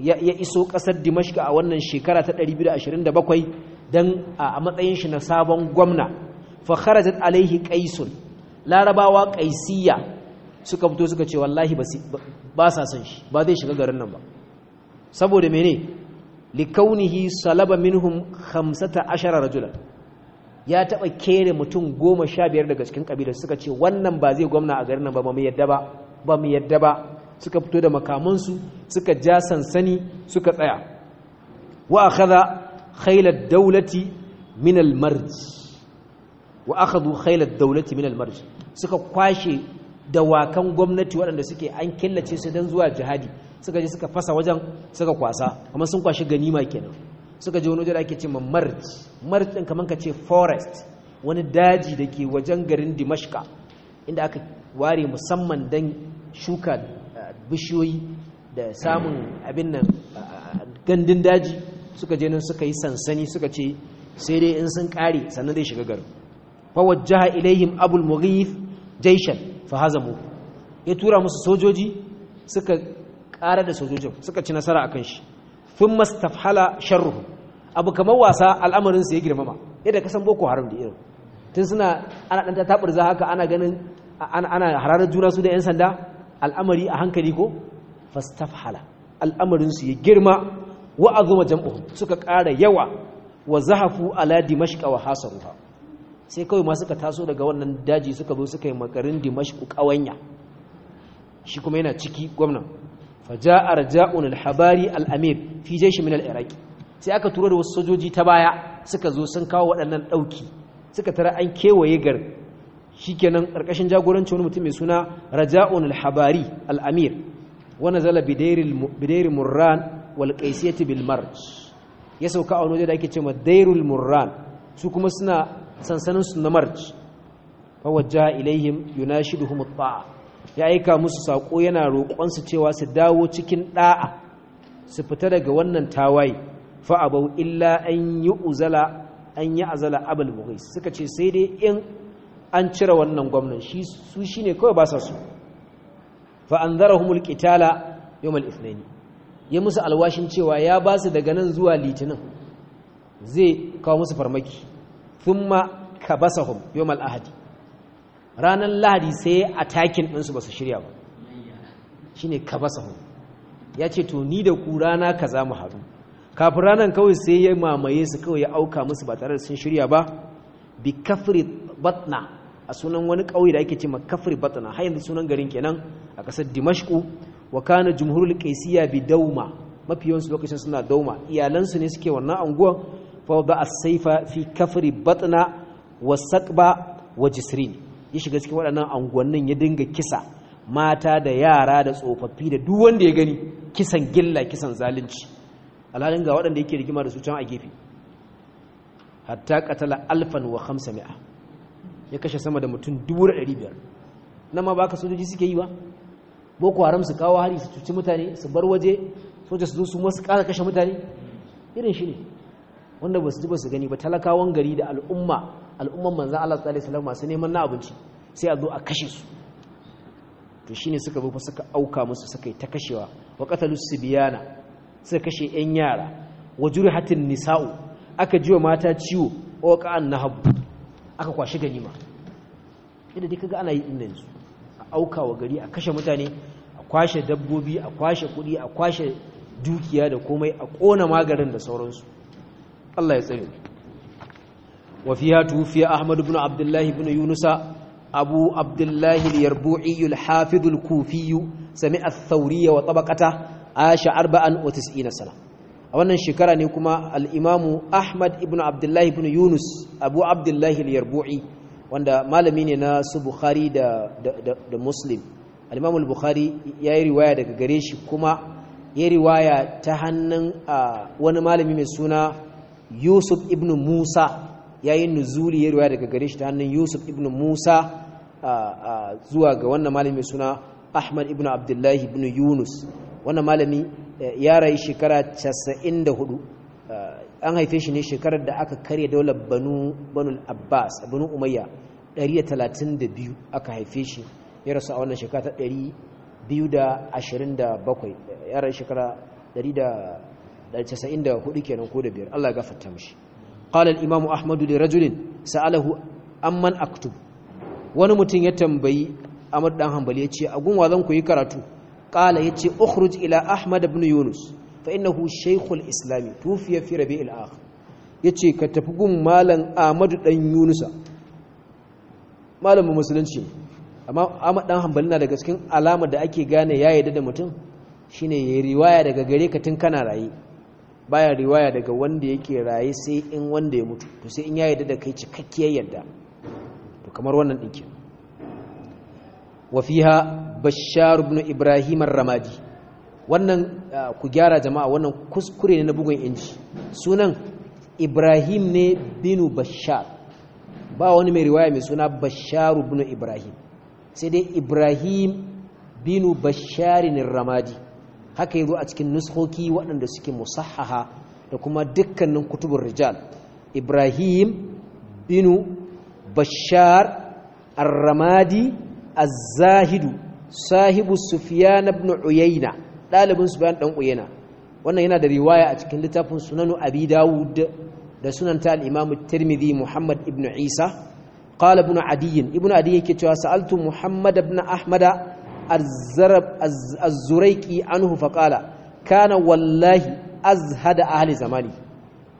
ya iso kasar dimashqa a wannan shekara ta 227 dan a matsayin shi na sabon gwamna fa kharajat alaihi qaisun larabawa qaisiyya suka fito suka ce wallahi ba sa san shi ba zai shiga garin nan ba saboda mene likaunihi salaba minhum khamsata ashara rajulan ya taba kere mutum goma sha biyar daga cikin kabilar suka ce wannan ba zai gwamna a garin nan ba ba mu yadda ba ba mu yadda ba suka fito da makamansu suka ja sansani suka tsaya wa akhadha daulati dawlati min al-marj wa akhadhu dawlati min al-marj suka kwashe da wakan gwamnati waɗanda suke an killace su don zuwa jihadi suka je suka fasa wajen suka kwasa amma sun kwashi ganima kenan suka je wani wajen ake ce ma march march kamar ka ce forest wani daji da ke wajen garin dimashka inda aka ware musamman don shuka eh, bishiyoyi da samun abin nan eh, eh, gandun daji suka je nan suka yi sansani suka ce sai dai in sun kare sannan zai shiga garin fawajjaha ilaihim abul mughith fahazamu ya tura musu sojoji suka ƙara da sojojin suka ci nasara akan shi sun mastafhala sharruhu abu kamar wasa al'amarin su ya girmama yadda kasan boko haram da irin tun suna ana ɗanta taɓar za haka ana ganin ana hararar juna su da 'yan sanda al'amari a hankali ko fastafhala al'amarin su ya girma wa azuma jam'uhum suka ƙara yawa wa zahafu ala dimashqa wa hasaruha sai kawai ma suka taso daga wannan daji suka zo suka yi makarin dimashku kawanya shi kuma yana ciki gwamnan faja arja'un al-habari al-amir fi jaysh min al sai aka turo da wasu sojoji ta baya suka zo sun kawo waɗannan ɗauki suka tara an kewaye gar kenan ƙarƙashin jagoranci wani mutum mai suna raja'un al-habari al-amir wa murran wal qaisiyati bil marj ya sauka a wani waje da ake cewa dairul murran su kuma suna sansanin su na marj fawajja ilaihim yunashiduhum at-ta'a ya aika musu sako yana roƙonsu cewa su dawo cikin da'a su fita daga wannan tawaye fa abau illa an yu'zala an ya'zala abul mughis suka ce sai dai in an cire wannan gwamnan shi su shine kawai ba sa su fa anzarahumul qitala yawmal ithnain ya musu alwashin cewa ya ba su daga nan zuwa litinin zai kawo musu farmaki thumma kabasahum yawm al-ahadi ranar lahadi sai attacking din su basu shirya ba shine kabasahum ya to ni da ku rana kaza mu haɗu kafin ranan kawai sai ya mamaye su kawai ya auka musu ba tare da sun shirya ba bi kafri batna a sunan wani ƙauye da ake ce kafri batna har yanzu sunan garin kenan a kasar dimashku wa kana jumhurul qaysiya bi dauma mafi yawansu lokacin suna dauma iyalansu ne suke wannan anguwan fi السيف في wa sakba wa وجسرين ya shiga cikin waɗannan anguwannin ya dinga kisa mata da yara da tsofaffi da duk wanda ya gani kisan gilla kisan zalunci alhalin ga waɗanda yake rigima da su can a gefe hatta katala alfan wa hamsa mi'a ya kashe sama da mutum dubu da ɗari biyar nan ma ba ka sojoji suke yi ba boko haram su kawo hari su cuci mutane su bar waje soja su zo su masu kashe mutane irin shi ne wanda ba su ji ba su gani ba talakawan gari da al'umma al'umman manzan Allah sallallahu alaihi wasallam masu neman na abinci sai a zo a kashe su to shine suka bufa suka auka musu suka yi ta kashewa wa qatalu sibyana suka kashe yan yara wa jurhatin nisa'u aka jiwa mata ciwo wa qa'an nahab aka kwashi ganima inda dai kaga ana yi din nan a auka wa gari a kashe mutane a kwashe dabbobi a kwashe kuɗi a kwashe dukiya da komai a kona magarin da sauransu Allah ya tsare wa fiha tufiya ahmad ibn Abdullahi ibn yunus abu abdullah al-yarbu'i al-hafid al-kufi sami'a ath-thawri wa tabaqata asha 94 sana a wannan shekara ne kuma al'imamu imamu ahmad ibn Abdullahi ibn yunus abu Abdullahi al wanda malami ne na su bukhari da da muslim al-imamu al-bukhari riwaya daga gare shi kuma yayi riwaya ta hannun wani malami mai suna yusuf ibn musa yayin nuzuli ya ruwa daga gare shi ta hannun yusuf ibn musa zuwa ga wannan malami suna ahmad ibn abdullahi ibn yunus wannan malami e, ya rayu shekara 94 e, an haife shi ne shekarar da aka karya daular banu banul abbas banu umayya 132 aka haife shi ya rasu a wannan shekara ta 227 ya rayu shekara 94 kenan ko da biyar Allah ya gafarta mishi qala al-imam ahmad li rajulin sa'alahu amman aktub wani mutum ya tambayi Ahmad dan Hanbali yace a gunwa zan ku yi karatu qala yace ukhruj ila ahmad ibn yunus fa innahu shaykhul islam tufiya fi rabi'il akhir yace ka tafi gun malam ahmad dan yunusa malamin musulunci amma ahmad dan Hanbali na daga cikin alama da ake gane ya yarda da mutum shine yayi riwaya daga gare ka tun kana raye baya riwaya daga wanda yake raye sai in wanda ya mutu to sai in ya yarda da kai cikakkiyar yarda to kamar wannan dinki wa fiha bashar ibn ibrahim ar-ramadi wannan ku gyara jama'a wannan kuskure ne na bugun inji sunan ibrahim ne binu bashar ba wani mai riwaya mai suna bashar ibn ibrahim sai dai ibrahim binu basharin ramadi haka zo a cikin nuskoki waɗanda suke musahaha da kuma dukkanin kutubur rijal ibrahim binu bashar arramadi Azahidu sahibu sufyan ibn uyayna dalibin sufyan dan uyayna wannan yana da riwaya a cikin littafin sunanu abi dawud da sunanta al-imam at-tirmidhi muhammad ibn isa qala ibn adiy ibn adiy yake cewa sa'altu muhammad ibn ahmada az-zuraiki anhu faƙala, kana wallahi azhada ahli zamani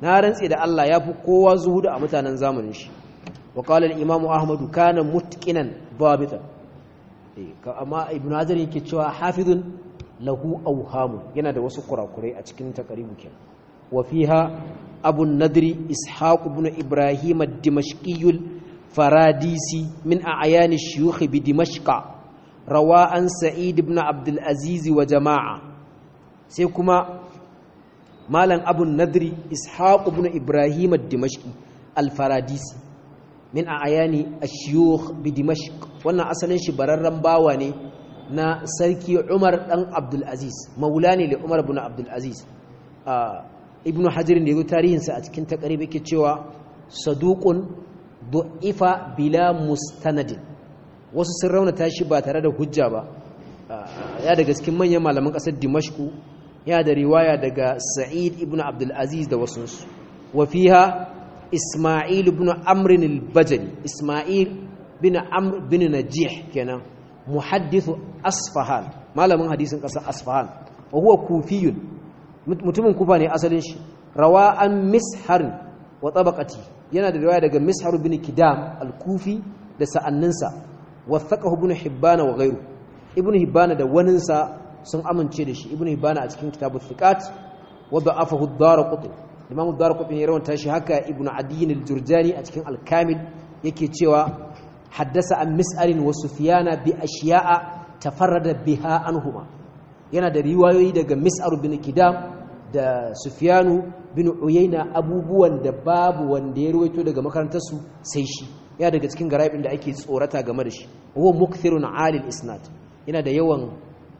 na rantse da Allah yafi kowa zuhudu a mutanen zamanin shi wa qala al-imam ahmad kana mutqinan babita amma ibnu hajar yake cewa hafizun lahu awhamu yana da wasu kurakurai a cikin takaribu kenan wa fiha abu nadri ishaq ibn ibrahim ad faradisi min a'yani shuyukh bi dimashqa rawa an sa'id ibn abdul wa jama'a sai kuma malam abu nadri ishaq ibn ibrahim ad-dimashqi al-faradisi min ayani ash-shuyukh bi dimashq wannan asalin shi bararren bawa ne na sarki Umar dan Abdul Aziz maula ne li Umar ibn Abdul Aziz ibn Hajar ne yayin tarihin sa a cikin takarib yake cewa saduqun du'ifa bila mustanadin wasu sun raunata shi ba tare da hujja ba ya daga cikin manyan malaman ƙasar dimashku ya da riwaya daga sa'id ibn abdulaziz da wasunsu wa fiha isma'il ibn amrin al-bajali isma'il bin amr bin najih kenan muhaddithu asfahan malamin hadisin ƙasar asfahan wa huwa kufiyun mutumin kufa ne asalin shi rawa an mishar wa tabaqati yana da riwaya daga mishar bin kidam al-kufi da sa'anninsa wathaqahu ibn hibban wa ghayru ibn hibban da waninsa sun amince da shi ibn hibban a cikin kitabut thiqat wa da'afahu ad-darqutni imam ad-darqutni ya rawanta shi haka ibn adiyin al-jurjani a cikin al-kamil yake cewa haddasa an mis'alin wa sufyana bi ashiya'a tafarrada biha anhuma yana da riwayoyi daga mis'ar bin kidam da sufyanu bin uyayna abubuwan da babu wanda ya rawaito daga makarantarsu sai shi ya daga cikin garabin da ake tsorata game da shi huwa mukthirun alil isnad yana da yawan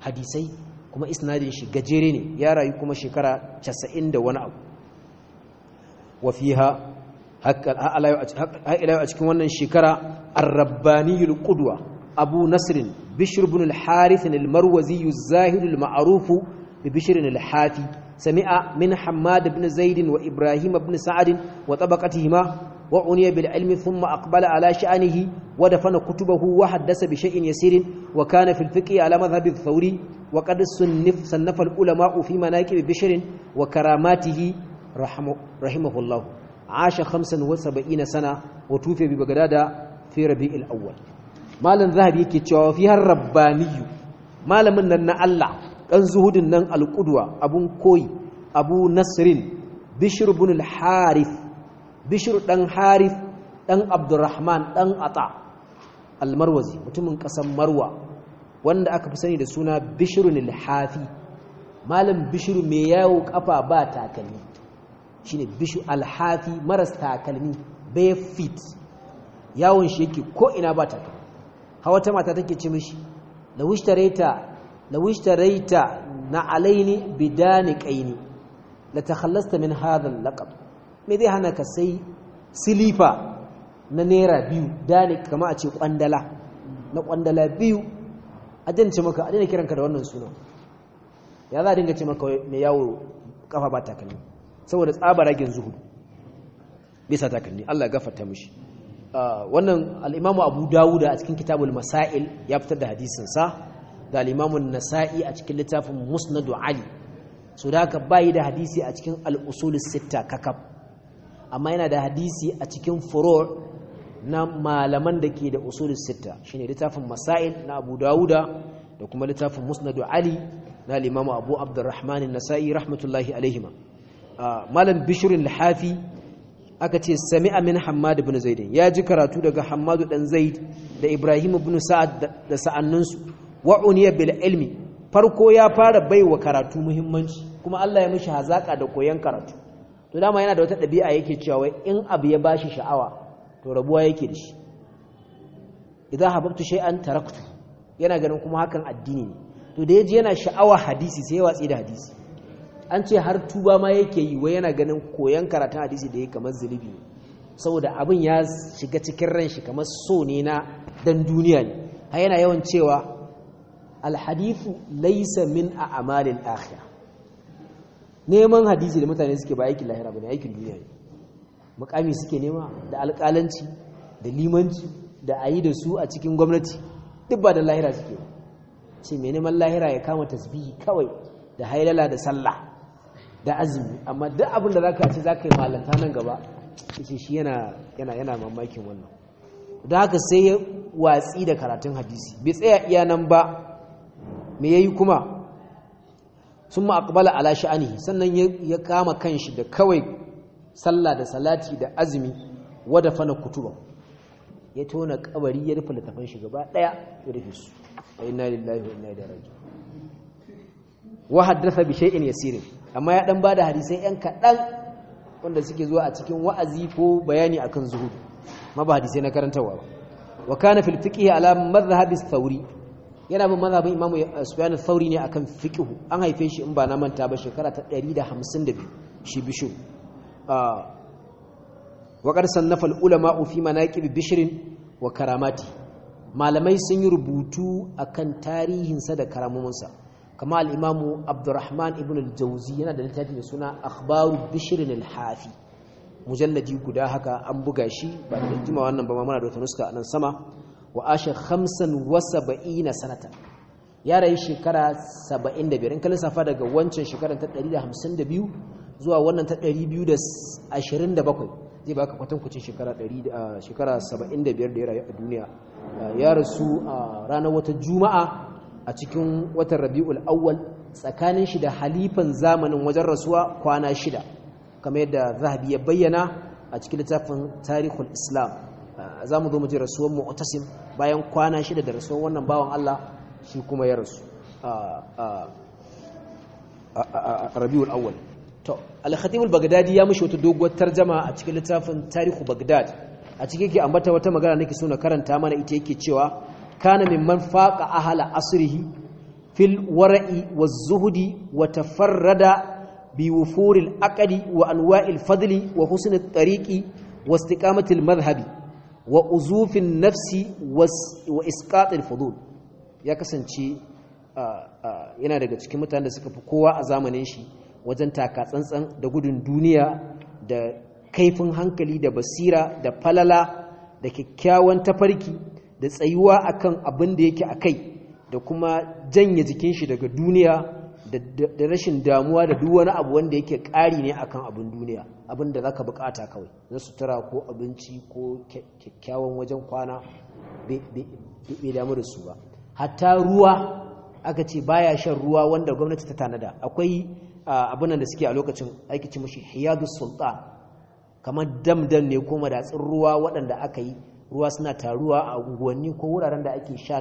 hadisai kuma isnadin shi gajere ne ya rayu kuma shekara 90 da wani abu wa fiha haƙilayo a cikin wannan shekara arrabbaniyul qudwa abu nasrin bishr ibn al-harith al-marwazi az-zahid al-ma'ruf bi bishr al-hafi sami'a min hammad ibn zaid wa ibrahim ibn sa'adin wa tabaqatihima وعني بالعلم ثم أقبل على شأنه ودفن كتبه وحدث بشيء يسير وكان في الفقه على مذهب الثوري وقد صنف, صنف العلماء في مناكب بشر وكراماته رحمه, رحمه الله عاش خمسا وسبعين سنة وتوفي ببغداد في ربيع الأول مالا ذهب يكي فيها الرباني مالا من أن الله أن زهود القدوة أبو كوي أبو نصر بشر بن الحارث bishir ɗan harif ɗan abdurrahman ɗan ata almarwazi mutumin ƙasar marwa wanda aka fi sani da suna bishirun alhafi malam bishiru mai yawo kafa ba takalmi shine bishu alhafi maras takalmi bare fit yawon shi yake ko ina ba takalmi hawa ta mata take ce mishi lawishtareta na alaini bidani kaini la takhallasta min hadha al-laqab me zai hana ka sai silifa na naira biyu danik kama a ce kwandala na kwandala biyu a jan ce maka a kiranka da wannan sunan ya za a dinga ce maka mai yawo kafa ba takalmi saboda tsabaragen zuhudu bisa takalmi Allah gafarta mishi ah, wannan al'imamu abu dawuda a cikin kitabul masail ya fitar da hadisinsa da al'imamun nasa'i a cikin littafin musnadu ali su da haka bayi da hadisi a cikin al'usulis sitta kakab amma yana da hadisi a cikin furor na malaman da ke da usulun sita ne littafin masail na abu dawuda da kuma littafin musnadu ali na limamu abu abdurrahman nasa'i rahmatullahi alaihima malam bishirin lahafi aka ce sami amin hammad ibn zaid ya ji karatu daga hamadu dan zaid da ibrahim ibn sa'ad da sa'annunsu wa uniya bil ilmi farko ya fara baiwa karatu muhimmanci kuma Allah ya mishi hazaka da koyon karatu to dama yana da wata ɗabi'a yake cewa wai in abu ya bashi sha'awa to rabuwa yake da shi idan hababtu shay'an taraktu yana ganin kuma hakan addini ne to da yaji yana sha'awa hadisi sai ya watsi da hadisi an ce har tuba ma yake yi wai yana ganin koyan karatun hadisi da yake kamar zulubi saboda abin ya shiga cikin ran shi kamar so ne na dan duniya ne har yana yawan cewa alhadithu laysa min a'malil akhirah neman hadisi da mutane suke ba aikin lahira bane aikin duniya ne mukami suke nema da alƙalanci da limanci da ayi da su a cikin gwamnati duk ba da lahira suke ce mai neman lahira ya kama tasbihi kawai da hailala da sallah da azumi amma duk abin da zaka ce zaka yi malanta nan gaba yace shi yana yana yana mamakin wannan da haka sai ya watsi da karatun hadisi bai tsaya iya nan ba me yayi kuma sun ma'aƙbala ala sha'ani sannan ya kama kanshi da kawai sallah da salati da azumi wadda fana kutuba ya tona kabari ya rufe littafan shi gaba daya ya rufe su a ina lillahi wa ina da raji wa haddasa bi shay'in yasirin amma ya dan bada hadisai yan kadan wanda suke zuwa a cikin wa'azi ko bayani akan zuhu ma ba hadisai na karantawa ba wa kana fil fiqhi ala madhhabi thawri yana bin mazhabin imamu sufyan thauri ne akan fiqh an haife shi in ba na manta ba shekara ta 152 shi bishu ah, wa qad sannafa al ulama fi manaqib bishrin wa karamati malamai sun yi rubutu akan tarihinsa da karamominsa kama al imamu abdurrahman ibn al jawzi yana da littafi mai suna akhbaru bishirin al hafi mujalladi guda haka an buga shi ba da jima wannan ba ma muna da wata nuska nan sama wa ashe hamsin wa saba'ina sanata ya rayu shekara saba'in da biyar in ka lissafa daga wancan shekarar ta ɗari da hamsin da biyu zuwa wannan ta ɗari biyu da ashirin da bakwai zai baka kwatankwacin shekara ɗari shekara saba'in da biyar da ya rayu a duniya ya rasu a ranar wata juma'a a cikin watan rabi'ul awwal tsakanin shi da halifan zamanin wajen rasuwa kwana shida kamar yadda zahabi ya bayyana a cikin littafin tarihul islam za mu zo mu ji rasuwar mu'tasim bayan kwana shida da rasuwar wannan bawan Allah shi kuma ya rasu rabiul awwal to al-khatib al-baghdadi ya mishi wata doguwar tarjama a cikin littafin tarihu baghdad a cikin yake ambata wata magana nake so na karanta mana ita yake cewa kana mimman faqa ahla asrihi fil wara'i waz-zuhdi wa tafarrada wa بوفور الأقل وأنواع الفضل وحسن الطريق واستقامة المذهب wa uzufin nafsi wa isqatil fudul ya kasance yana daga cikin mutanen da suka fi kowa a zamanin shi wajen taka tsantsan da gudun duniya da kaifin hankali da basira da falala da kyakkyawan tafarki da tsayuwa akan abin da yake a kai da kuma janye jikin shi daga duniya da rashin damuwa da duk wani abu wanda yake ƙari ne akan abin duniya abin da za ka bukata kawai na sutura ko abinci ko kyakkyawan wajen kwana bai damu da su ba hatta ruwa aka ce baya shan ruwa wanda gwamnati ta tanada akwai abin da suke a lokacin aiki ce mashi hiyadu sultan kamar damdam ne ko madatsin ruwa waɗanda aka yi ruwa suna taruwa a unguwanni ko wuraren da ake sha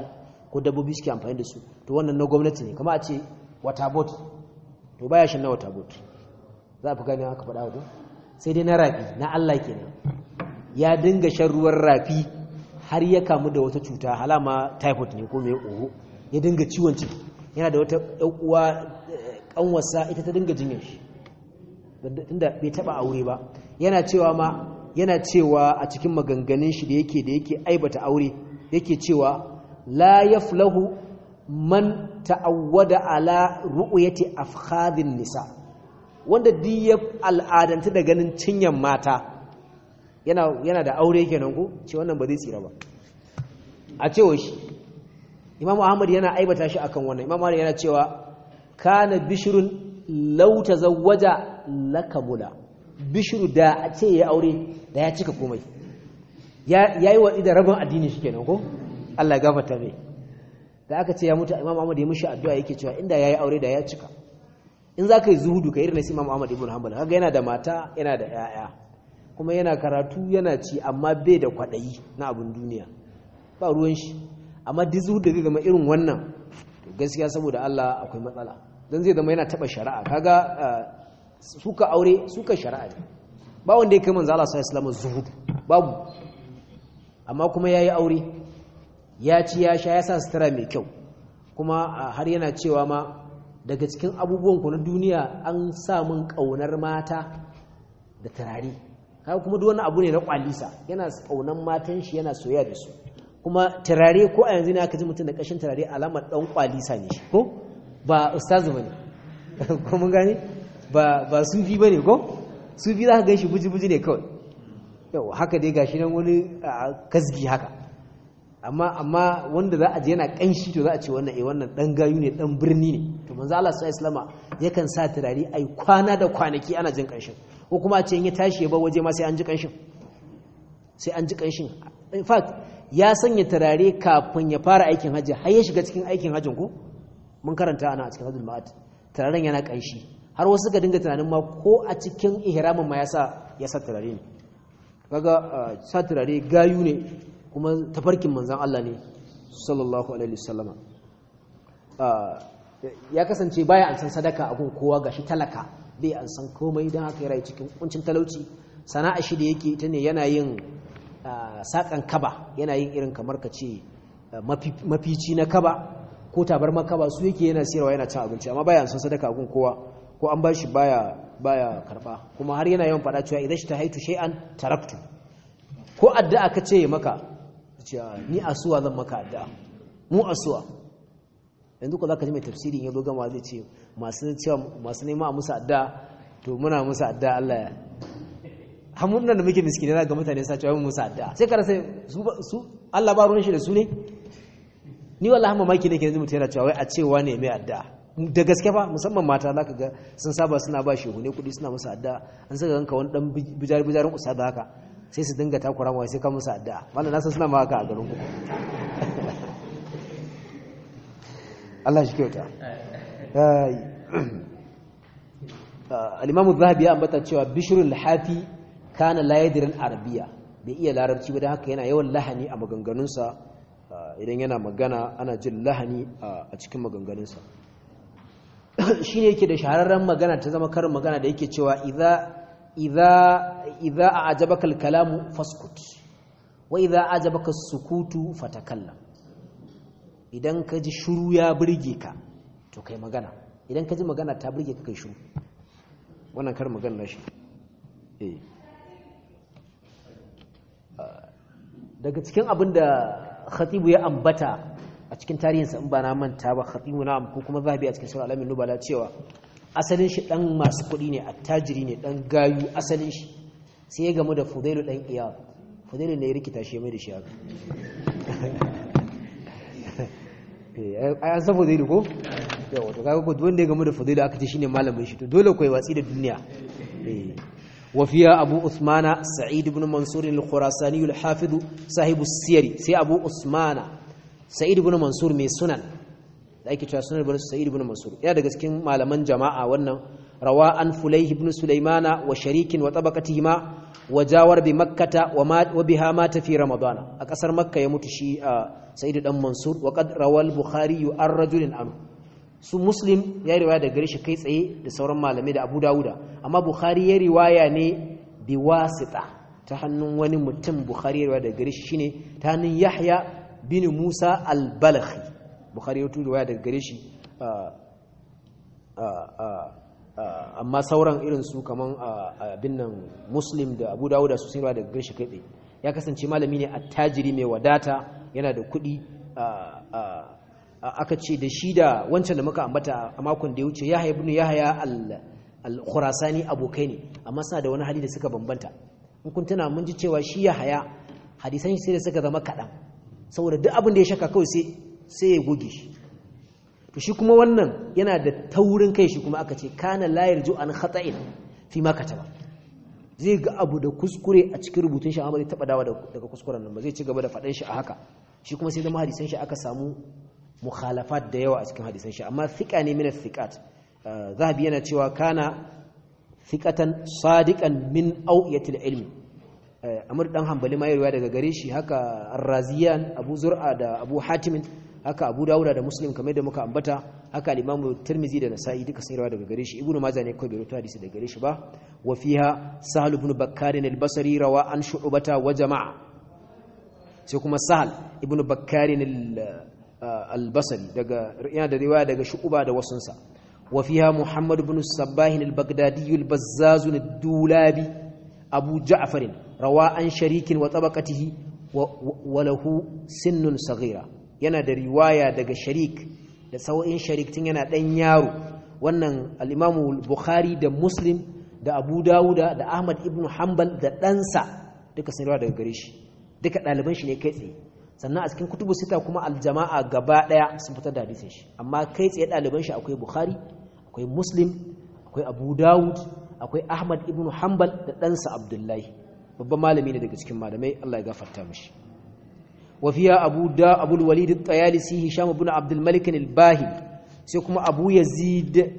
ko dabbobi suke amfani da su to wannan na gwamnati ne kama a ce wata bot to baya shan na wata bot za fi gani aka faɗa wajen sai dai na rafi na Allah kenan ya dinga shan ruwan rafi har ya kamu da wata cuta halama typhoid ne ko mai oho ya dinga ciwon ciki yana da wata uwa kanwarsa eh, ita ta dinga jinyar shi inda bai taba aure ba yana cewa ma yana cewa a cikin maganganun shi da yake da yake aibata aure yake cewa la yaflahu man ta'awwada ala ru'yati afkhadhin nisa wanda duk ya al'adanta da ganin cinyan mata yana yana da aure kenan ko ce wannan ba zai tsira ba a cewa shi imamu ahmad yana aibata shi akan wannan imamu ahmad yana cewa kana bishrun law tazawwaja lakabula bishru da a ce ya aure da ya cika komai ya yi wa idan rabin addini shi kenan ko Allah ya gafarta mai da aka ce ya mutu imam ahmad ya mushi addu'a yake cewa inda yayi aure da ya cika in za ka yi zuhudu ka irin na imam ahmad ibn hanbal kaga yana da mata yana da yaya kuma yana karatu yana ci amma bai da kwaɗayi na abin duniya ba ruwan shi amma duk zuhudu da zai zama irin wannan to gaskiya saboda Allah akwai matsala dan zai zama yana taba shari'a kaga suka aure suka shari'a ne ba wanda ya kai manzo Allah sallallahu alaihi wasallam zuhudu babu amma kuma yayi aure ya ci ya sha ya sa sutura mai kyau kuma har yana cewa ma daga cikin abubuwan ku na duniya an sa min ƙaunar mata da turare kawai kuma duk abu ne na kwalisa yana ƙaunar matan shi yana soyayya da su kuma turare ko a yanzu ne aka ji mutum da ƙashin turare alamar ɗan kwalisa ne shi ko ba ustazu ne [laughs] ko mun gane ba sufi ba ne ko sufi za ka gan shi buji-buji ne kawai yau haka dai gashi nan wani kasgi haka amma amma wanda za a je yana kanshi to za a ce wannan eh wannan dan gayu ne dan birni ne to manzo Allah sallallahu alaihi yakan sa turare ai kwana da kwanaki ana jin kanshin ko kuma a ce in ya tashi ya bar waje ma sai an ji kanshin sai an ji kanshin in fact ya sanya turare kafin ya fara aikin hajji har ya shiga cikin aikin hajjin ko mun karanta ana a cikin hadul ma'at turaren yana kanshi har wasu suka dinga tunanin ma ko a cikin ihramin ma yasa sa ya sa turare ne kaga eh, sa turare gayu ne kuma tafarkin manzan Allah ne sallallahu alaihi wasallama ah, ya kasance baya an san sadaka a gun kowa gashi talaka bai an san komai don haka ya rayu cikin kuncin talauci sana'a shi da yake ita ne yana yin ah, sakan kaba yana yin irin kamar ka ce ah, mafici na kaba ko tabarma kaba su yake yana siyarwa yana cin abinci amma baya an san sadaka a gun kowa ko an ba shi baya baya karba kuma har yana yawan faɗa cewa idan shi ta haitu shay'an taraktu ko addu'a ka ce maka ni a suwa zan maka da mu asuwa yanzu ko ka ji mai tafsirin ya zo gama zai ce masu nema a musa da to muna musa da Allah ya hamun nan da muke miskini na ga mutane sa cewa musa da sai kara sai su Allah ba ruwan shi da su ne ni wallahi mamaki nake yanzu mutum yana cewa wai a cewa ne mai adda da gaske ba musamman mata za ka ga sun saba suna ba shi hune kudi suna musa adda an saka ganka wani dan bijar bijarin usa da haka sai su dinga takura mawa sai kamusa musu addu'a malam na san suna ma a garin kuma Allah shi kyauta ah, alimamu zahabi ya ambata cewa bishrul lahafi kana layadirin arabiya bai iya larabci ba da haka yana yawan lahani a maganganunsa ah, idan yana magana ana jin lahani a cikin maganganunsa [coughs] shi ne yake da shahararren magana ta zama karin magana da yake cewa idza idza a'jabaka al-kalamu faskut wa idza a'jabaka as-sukutu fatakallam idan ka ji shuru ya burge ka to kai magana idan ka ji magana ta burge ka kai shuru wannan kar magana shi eh daga cikin abin da khatibu ya ambata a cikin tarihinsa in ba na manta ba khatibu na ko kuma zahabi a cikin sura al-amin nubala cewa asalin shi dan masu kuɗi ne attajiri ne dan gayu asalin shi sai ya gamu da fudailu dan iya fudailu ne ya rikita shi mai da shi haka eh, ai san fudailu ko kaga ko wanda ya gamu da fudailu aka ce shine malamin shi dole koyi watsi da duniya وفيها أبو أثمان سعيد بن منصور الخراساني الحافظ صاحب السير سي أبو أثمان سعيد بن منصور من سنن ake cewa sunan bar sa'id ibn mansur ya daga cikin malaman jama'a wannan rawa an fulayh ibn sulaimana wa sharikin wa tabaqatihima wajawar bi makkata wa biha mata fi ramadana a kasar makka ya mutu shi sa'idu dan mansur wa qad rawal bukhari an rajulin anhu su muslim ya riwaya daga gareshi kai tsaye da sauran malamai da abu dauda amma bukhari ya riwaya ne bi wasita ta hannun wani mutum bukhari ya riwaya daga gareshi shine ta hannun yahya bin musa al-balakhi bukhari ya riwaya daga gareshi. Ah, amma sauran irin su kamar ah, ah, abin nan muslim da abu dawuda su sun da gashi shi ya kasance malami ne attajiri mai wadata yana da kuɗi aka ce da shi da wancan da muka ambata a makon da ya wuce ya ya yahaya al-khurasani abokai ne amma suna da wani hali da suka bambanta in kun tana mun ji cewa shi ya haya hadisan shi sai da suka zama kaɗan saboda duk abin da ya shaka kawai sai ya goge shi to shi kuma wannan yana da taurin kai shi kuma aka ce kana layar ju an khata'in fi ma kataba zai ga abu da kuskure a cikin rubutun shi amma zai taba dawa daga kuskuren nan ba zai ci gaba da faɗan shi a haka shi kuma sai zama hadisan shi aka samu mukhalafat da yawa a cikin hadisan shi amma thiqa ne min thiqat uh, zahabi yana cewa kana thiqatan sadiqan min awiyatil ilmi uh, amr dan hanbali ma ya daga gare shi haka arraziyan abu zur'a da abu hatimin haka abu dawuda da muslim kamar da muka ambata haka al-imamu tirmizi da nasa'i duka sun rawa daga gare shi ibnu majah ne kawai bai rawaito hadisi daga gare shi ba wa fiha sahal ibn bakkar al-basri rawa an shu'bata wa jama'a sai kuma sahal ibn bakkar al-basri daga yana da riwaya daga shu'ba da wasunsa wa fiha muhammad ibn sabbah al-baghdadi al-bazzaz al-dulabi abu ja'far rawa an sharikin wa tabaqatihi wa lahu sinnun saghira yana da riwaya daga sharik da sau'in sharik tun yana ɗan yaro wannan al'imamu bukhari da muslim da abu dawuda da ahmad ibn hanbal da ɗansa duka sun daga gare shi duka ɗaliban shi ne kai tsaye sannan a cikin kutubu sita kuma aljama'a gaba ɗaya sun fitar da hadisin shi amma kai tsaye ɗaliban shi akwai bukhari akwai muslim akwai abu dawud akwai ahmad ibn hanbal da ɗansa abdullahi babban malami ne daga cikin malamai allah ya gafarta mishi وفيها أبو دا أبو الوليد الطيالسي هشام بن عبد الملك الباهلي سيكم أبو يزيد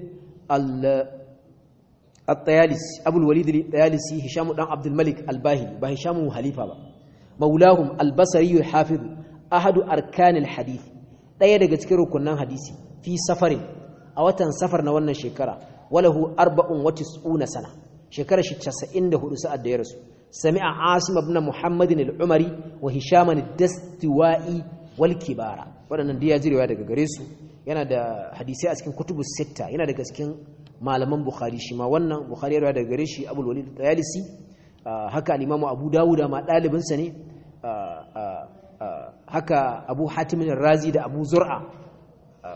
الطيالسي أبو الوليد الطيالسي هشام بن عبد الملك الباهلي بهشام خليفة مولاهم البصري الحافظ أحد أركان الحديث ɗaya daga cikin rukunan hadisi fi safarin a watan safar na wannan shekara walahu arba'un wa tis'una sana shekara shi 94 sa'ad da ya rasu sami'a asim na muhammadin al-umari wa hisham ad walki bara kibara wadannan da ya jirewa daga gare su yana da hadisai a cikin kutubu sitta yana daga cikin malaman bukhari shi ma wannan bukhari ya daga gare shi abul walid tayalisi haka al-imamu abu dawuda ma dalibin sa ne haka abu hatim razi da abu zur'a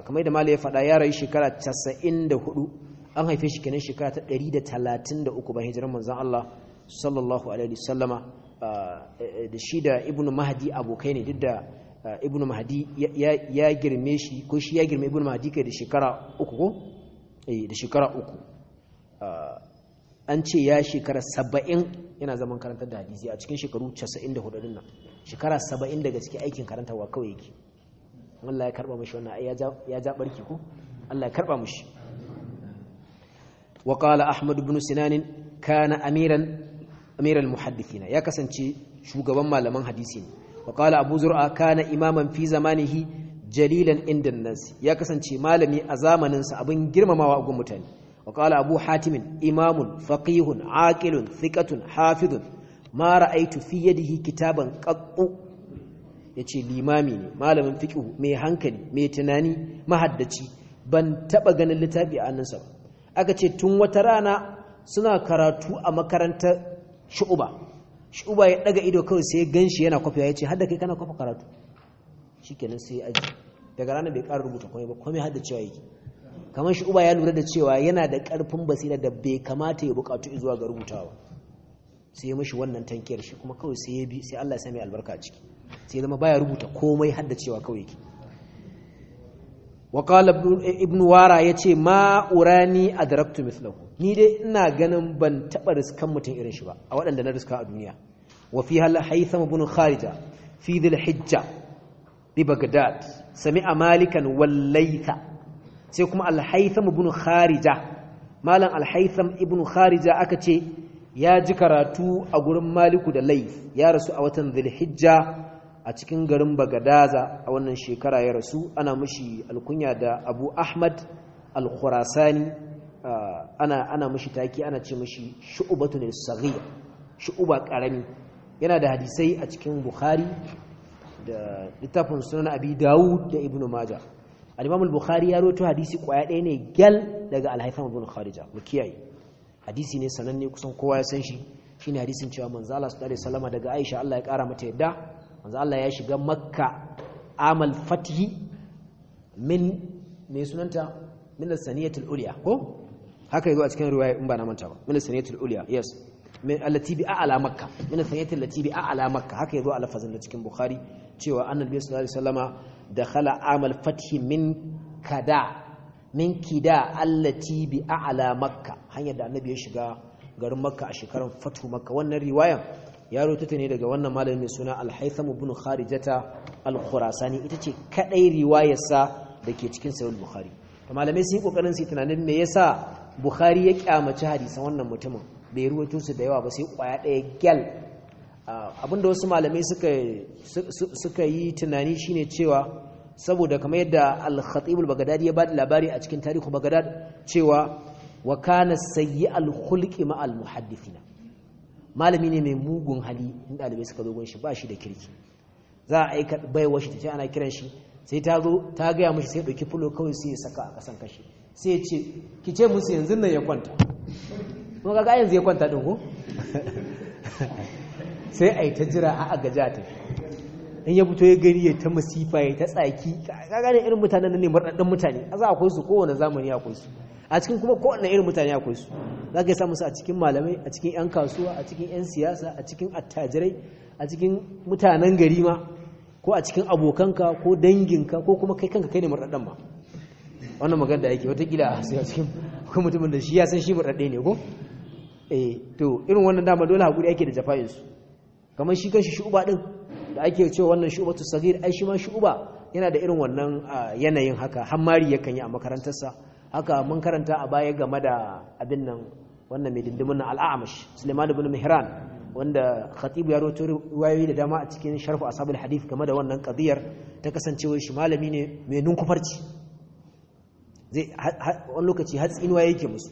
kamar da malai ya faɗa ya rayu shekara 94 an haife shi kenan shekara ta 133 bayan hijiran manzon Allah sallallahu alaihi sallama eh, da shi da Ibn mahdi abokai ne duk da ibn mahdi ya girme shi ko shi ya girme Ibn mahdi kai da shekara uku ko eh da shekara uku an ce ya shekara saba'in yana zaman karantar da hadisi a cikin shekaru casa'in da hudu nan shekara saba'in daga cikin aikin karantarwa kawai yake Allah ya karba mashi wannan ya ja barki ko Allah ya karba mashi wa qala ahmad ibn sinan kana amiran amiral muhaddithina ya kasance shugaban malaman hadisi ne wa qala abu zur'a kana imaman fi zamanihi jalilan inda ya kasance malami a zamanin sa abin girmamawa a gun mutane wa abu hatimin imamun faqihun aqilun thiqatun hafidun aitu, fiye da hi, kitaban qaqqu yace limami ne malamin fiqh mai hankali mai tunani mahaddaci ban taɓa ganin littafi a hannunsa ba aka ce tun wata rana suna karatu a makarantar shu'uba shu'uba ya daga ido kawai sai gan shi yana kwafiya ce hada kai kana kwafa karatu shi kenan sai ya aji daga ranar bai ƙara rubuta komai ba komai hada cewa yake kamar shu'uba ya lura da cewa yana da ƙarfin basira da bai kamata ya buƙatu zuwa ga rubutawa sai ya mashi wannan tankiyar shi kuma kawai sai ya bi sai Allah ya sami albarka a ciki sai zama baya rubuta komai da cewa kawai yake wa ibn wara ce ma'urani a adraktu mithlahu ni dai ina ganin ban taɓa riskan mutum irin shi ba a waɗanda na riska a duniya wa fi hal haytham ibn kharija fi dhil hijja bi bagdad sami'a malikan wallaitha sai kuma al haytham ibn kharija malam al haytham ibn kharija aka ce ya ji karatu a gurin maliku da laif ya rasu a watan dhil hijja a cikin garin bagadaza a wannan shekara ya rasu ana mushi alkunya da abu ahmad al-khurasani ana ana mishi taki ana ce mishi shu'batun saghir shu'ba karami yana da hadisai a cikin bukhari da littafin sunan abi dawud da ibnu majah al-imam al-bukhari ya rawaito hadisi kwaya ɗaya ne gal daga al-haytham ibn kharija mu kiyaye hadisi ne sananne kusan kowa ya san shi shine hadisin cewa manzo Allah sallallahu alaihi wasallam daga Aisha Allah ya kara mata yadda manzo Allah ya shiga Makka amal fatihi min me sunanta min as-saniyatul ulya ko haka yazo a cikin riwaya in ba na manta ba min sanatul ulya yes min allati bi a'la makka min sanatul lati bi a'la makka haka yazo a lafazin da cikin bukhari cewa annabi sallallahu alaihi wasallama dakhala amal fathi min kada min kida allati bi a'la makka hanyar da annabi ya shiga garin makka a shekarar fatu makka wannan riwayan ya rotata ne daga wannan malamin mai suna al-haytham ibn kharijata al-khurasani ita ce kadai riwayarsa dake cikin sahih bukhari to malamai sun yi kokarin su tunanin me yasa bukhari ya kyamaci hadisan wannan mutumin bai ruwaito su da yawa ba sai kwaya ɗaya gyal ah, abinda wasu malamai suka yi tunani shine cewa saboda kamar yadda al-khatib ya ba ya bada labari a cikin tarihu bagadad cewa wa kana sayyi al-khulqi ma al malami ne mai mugun hali in dalibai suka zo gun shi ba shi da kirki za a aika baiwa shi ce ana kiran shi sai ta zo ta gaya mashi sai ɗauki fulo kawai sai ya saka a kasan kashi sai ce ki ce musu yanzu nan ya kwanta kuma kaga yanzu ya kwanta din ko [laughs] sai a yi ta jira a a gaja ta in ya fito ya gari ya ta masifa ya ta tsaki kaga ne irin mutanen ne marɗaɗɗen mutane a za akwai su kowane zamani akwai su a cikin kuma kowane irin mutane akwai su za ka samu su a cikin malamai a cikin 'yan kasuwa a cikin 'yan siyasa a cikin attajirai a cikin mutanen gari ma ko a cikin abokanka ko danginka ko kuma kai kanka kai ne marɗaɗɗen ma wannan magana da yake watakila a sai cikin kuma mutumin da shi ya san shi murɗaɗɗe ne ko eh to irin wannan dama dole hakuri ake da jafa'in su kamar shi kanshi shuba din da ake cewa wannan tu sagir ai shi ma shuba yana da irin wannan yanayin haka mari yakan yi a makarantarsa haka mun karanta a baya game da abin nan wannan mai dindimin nan al'amash suleiman ibn mihran wanda khatibu ya rawaito ruwayoyi da dama a cikin sharh ashabul hadith game da wannan qadiyar ta kasancewa shi malami ne mai nunkufarci zai wani lokaci har tsinuwa yake musu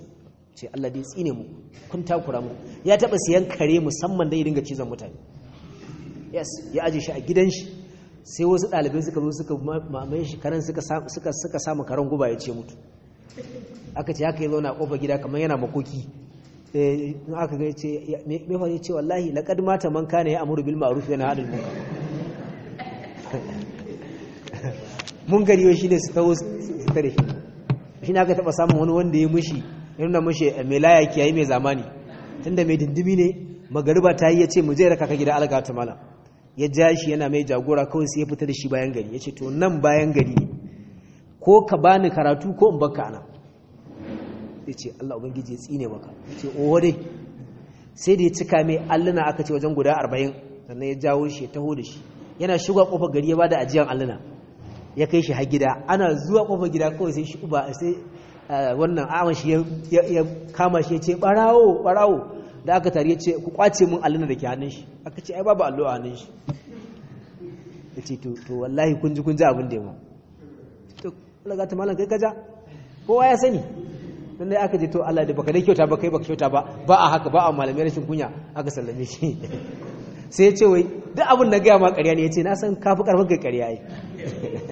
sai Allah dai tsine mu kun takura mu ya taba siyan kare musamman dai dinga cizon mutane yes ya aje shi a gidan shi sai wasu ɗalibai suka zo suka mamaye shi karen suka samu karen guba ya ce mutu aka ce haka ya zauna a ƙofar gida kamar yana makoki eh, in aka ga ce me fa ce wallahi laqad mata man kana ya amuru bil ma'ruf wa nahy anil [laughs] mun gari shi ne su tawo su tare shi shi na ka taɓa samun wani wanda ya mushi ya nuna mushi eh, mai laya yi mai zamani tunda mai dindimi ne magariba ta yi ya ce mu zai raka ka gida alga ta malam ya ja shi yana mai jagora kawai sai ya fita da shi bayan gari ya ce to nan bayan gari ne ko ka bani karatu ko in baka ana ya ce Allah ubangiji ya tsine maka ya ce oho dai sai da ya cika mai alluna aka ce wajen guda arba'in sannan ya jawo shi ya taho da shi yana shiga kofar gari ya da ajiyar alluna ya kai shi har gida ana zuwa kofar gida kawai sai shi uba sai eh, wannan awon shi ya kama shi ya ce barawo barawo da aka tare ya ce ku kwace min allon da ke hannun shi aka ce ai babu allo a hannun shi ya ce to wallahi kun ji kun ji abin da ya ma to laga ta malam kai kaja kowa ya sani dan dai aka je to Allah da baka dai kyauta ba kai baka kyauta ba ba a haka ba a malamai rashin kunya aka sallame shi [laughs] sai ya ce wai duk abin na gaya ma ƙarya ne ya ce na san kafi karfin kai ƙarya yi [laughs]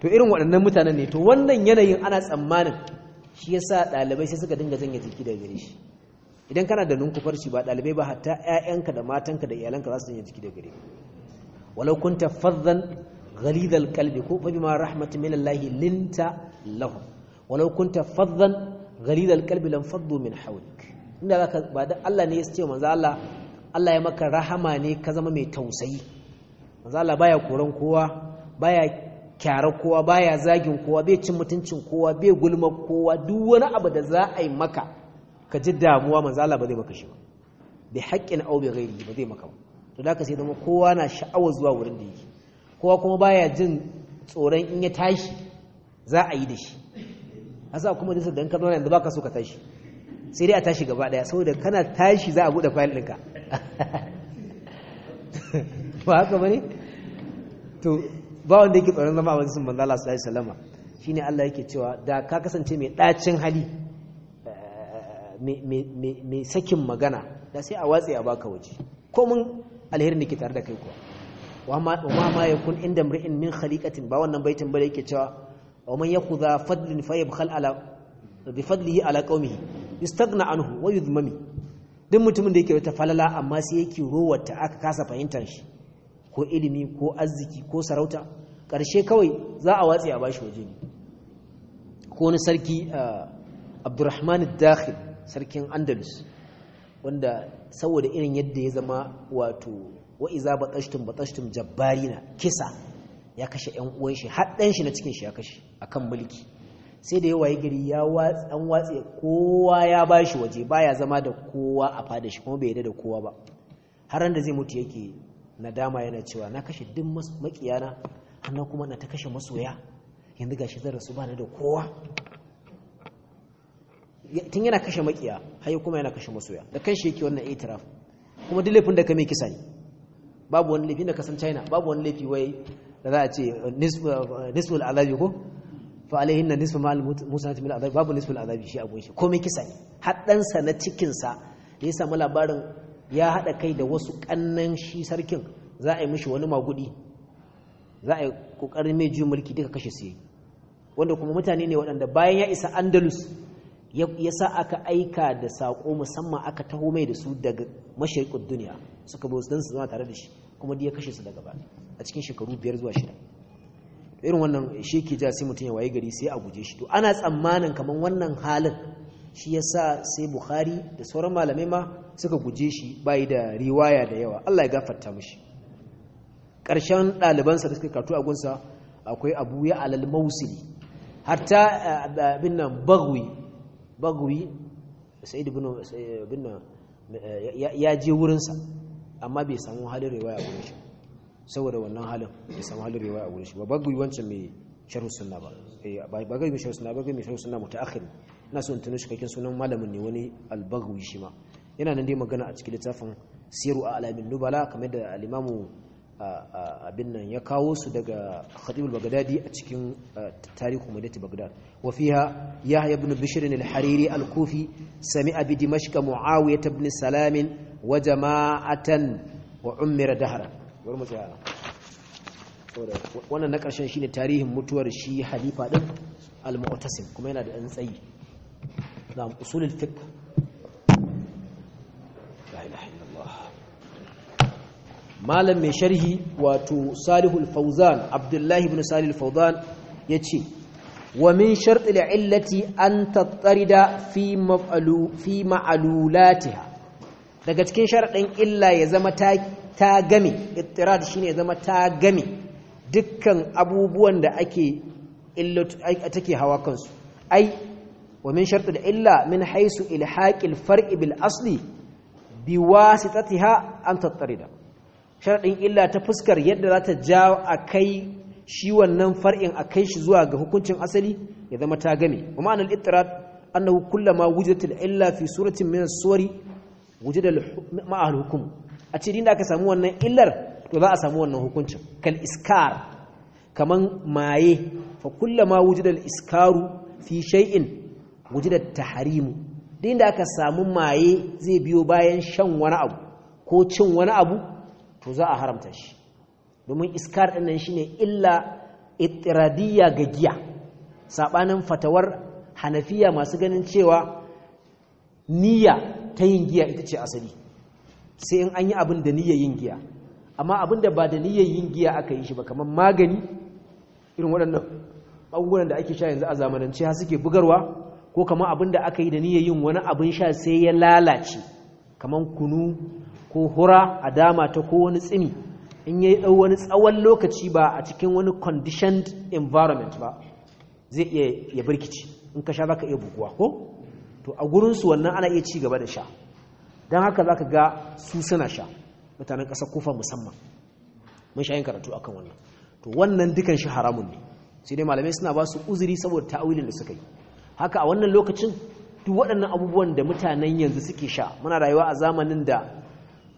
to irin waɗannan mutanen ne to wannan yanayin ana tsammanin shi yasa ɗalibai sai suka dinga zanya jiki daga gare shi idan kana da nunkufarci ba ɗalibai ba hatta ƴaƴanka da matanka da iyalanka za su zanya jiki daga gare walau kunta faddan ghalidhal qalbi ko fa ma rahmatin min Allah linta lahum walau kunta faddan ghalidhal qalbi lam faddu min hawlik inda zaka ba da Allah ne ya ce manzo Allah Allah ya maka rahama ne ka zama mai tausayi manzo Allah baya koran kowa baya kyara kowa baya zagin kowa bai cin mutuncin kowa bai gulma kowa duk wani abu da za a yi maka ka ji damuwa manzo Allah ba zai maka shi ba bi haƙƙin aw gairi ba zai maka ba to da ka sai zama kowa na sha'awar zuwa wurin da yake kowa kuma baya jin tsoron in ya tashi za a yi da shi sa kuma dinsa dan kana yanzu baka so ka tashi sai dai a tashi gaba daya saboda kana tashi za a buɗe fayil ɗinka [laughs] ba haka ne to ba wanda yake tsoron zama a majalisin manzo Allah sallallahu alaihi wasallam shine Allah yake cewa da ka kasance mai dacin hali eh, mai sakin magana da sai a watsi a baka waje ko mun alherin da ke tare da kai kuwa wa ma ma yakun inda mri'in min khaliqatin ba wannan baitin bare yake cewa wa man yakhudha fadlin fayabkhal ala bi fadlihi ala qaumihi yustaghna anhu wa yudmami duk mutumin da yake wata falala amma sai yake rowata aka kasa fahimtar shi ko ilimi ko arziki ko sarauta ƙarshe kawai za a watsi a bashi waje ne ko wani sarki uh, abdurrahman dakhil sarkin andalus wanda saboda irin yadda ya zama wato wa'iza ba batashtun jabbari na kisa ya kashe ‘yan uwan shi haɗɗan shi na cikin shi ya kashe a kan mulki sai da yawa waye gari ya an watsi kowa ya ba shi waje baya zama da kowa a fada shi kuma bai yada da kowa ba har da zai mutu yake Na dama yana cewa na kashe duk makiyana hannun kuma na ta kashe masoya yanzu gashi zan rasu ba da kowa tun yana kashe makiya hayo kuma yana kashe masoya da kan shi wannan itiraf kuma duk laifin da ka mai kisa ne babu wani laifi na kasan china babu wani laifi wai da za a ce uh, uh, uh, nisful azabi ko fa alaihin na nisfu ma'al musa min azabi babu nisful azabi shi abun shi ko mai kisa ne haɗansa na cikinsa ya ya samu labarin ya haɗa kai da wasu ƙannan shi sarkin za a yi mishi wani magudi za a yi ƙoƙarin mai juyin mulki duka kashe su yi wanda kuma mutane ne waɗanda bayan ya isa andalus ya sa aka aika da saƙo musamman aka taho mai da su daga mashariƙin duniya suka bai don su zama tare da shi kuma ya kashe su daga baya a cikin shekaru biyar zuwa shida irin wannan shi ke ja sai mutum ya waye gari sai a guje shi to ana tsammanin kamar wannan halin shi ya sa sai bukhari da sauran malamai ma suka guje shi bayi da riwaya da yawa Allah ya gafarta mishi ƙarshen ɗalibansa da suka karatu a gunsa akwai abu ya alal mausili hatta eh, abin nan bagwi bagwi sai da abin nan ya je wurinsa amma bai samu halin riwaya a wurin shi saboda wannan halin bai samu halin riwaya a wurin shi ba bagwi wancan mai sharhu sunna ba eh, ba ga mai sharhu sunna ba ga mai sharhu mutu akhiri ina son in tuno cikakken sunan malamin ne wani albagwi shi ma yana nan dai magana a cikin littafin siru a alamin nubala kamar da alimamu abin nan ya kawo su daga khatibul bagdadi a cikin tarihu madati bagdad wa fiha yahya ibn bishr al-hariri al-kufi sami'a bi dimashq muawiyah ibn salam wa jama'atan wa ummira dahra wannan na karshen shine tarihin mutuwar shi halifa din al-mu'tasim kuma yana da ɗan tsayi نعم أصول الفقه لا إله إلا الله ما لم يشره واتو صالح الفوزان عبد الله بن صالح الفوزان يتشي ومن شرط العلة أن تطرد في مفعلو في معلولاتها daga cikin sharaɗin illa ya zama ta game ittirad shine ya zama ta game dukkan abubuwan da ake take hawa kansu ai wa min shartu da illa min haisu ilhaƙil far'i bil asli bi wasitatiha an tattarida sharadin illa ta fuskar yadda za ta jawo a kai shi wannan far'in a kai shi zuwa ga hukuncin asali ya zama ta game Kuma an ma'anar ittirad annahu kullama wujidatul illa fi suratin min as-suwari wujidal ma'al hukum a ce din da aka samu wannan illar to za a samu wannan hukuncin kal iskar kaman maye fa kullama wujidal iskaru fi shay'in guji da taharimu din da aka samu maye zai biyo bayan shan wani abu ko cin wani abu to za a haramta shi domin iskar ɗin nan shine illa ittiradiyya ga giya sabanin fatawar hanafiya masu ganin cewa niyya ta yin giya ita ce asali sai in an yi abin da niyya yin giya amma abin da ba da niyya yin giya aka yi shi ba kamar magani irin waɗannan abubuwan da ake sha yanzu a zamanance har suke bugarwa ko kama abin da aka yi da niyyar yin wani abin sha sai ya lalace kaman kunu ko hura a dama ta ko wani tsimi in ya ɗau wani tsawon lokaci ba a cikin wani conditioned environment ba zai iya ya birkici in ka sha za ka iya buguwa ko to a gurinsu wannan ana iya ci gaba da sha don haka za ka ga su suna sha mutanen ƙasar kufa musamman mun sha yin karatu akan wannan to wannan dukan shi haramun ne sai dai malamai suna ba su uzuri saboda ta'awilin da suka yi haka a wannan lokacin duk waɗannan abubuwan da mutanen yanzu suke sha muna rayuwa a zamanin da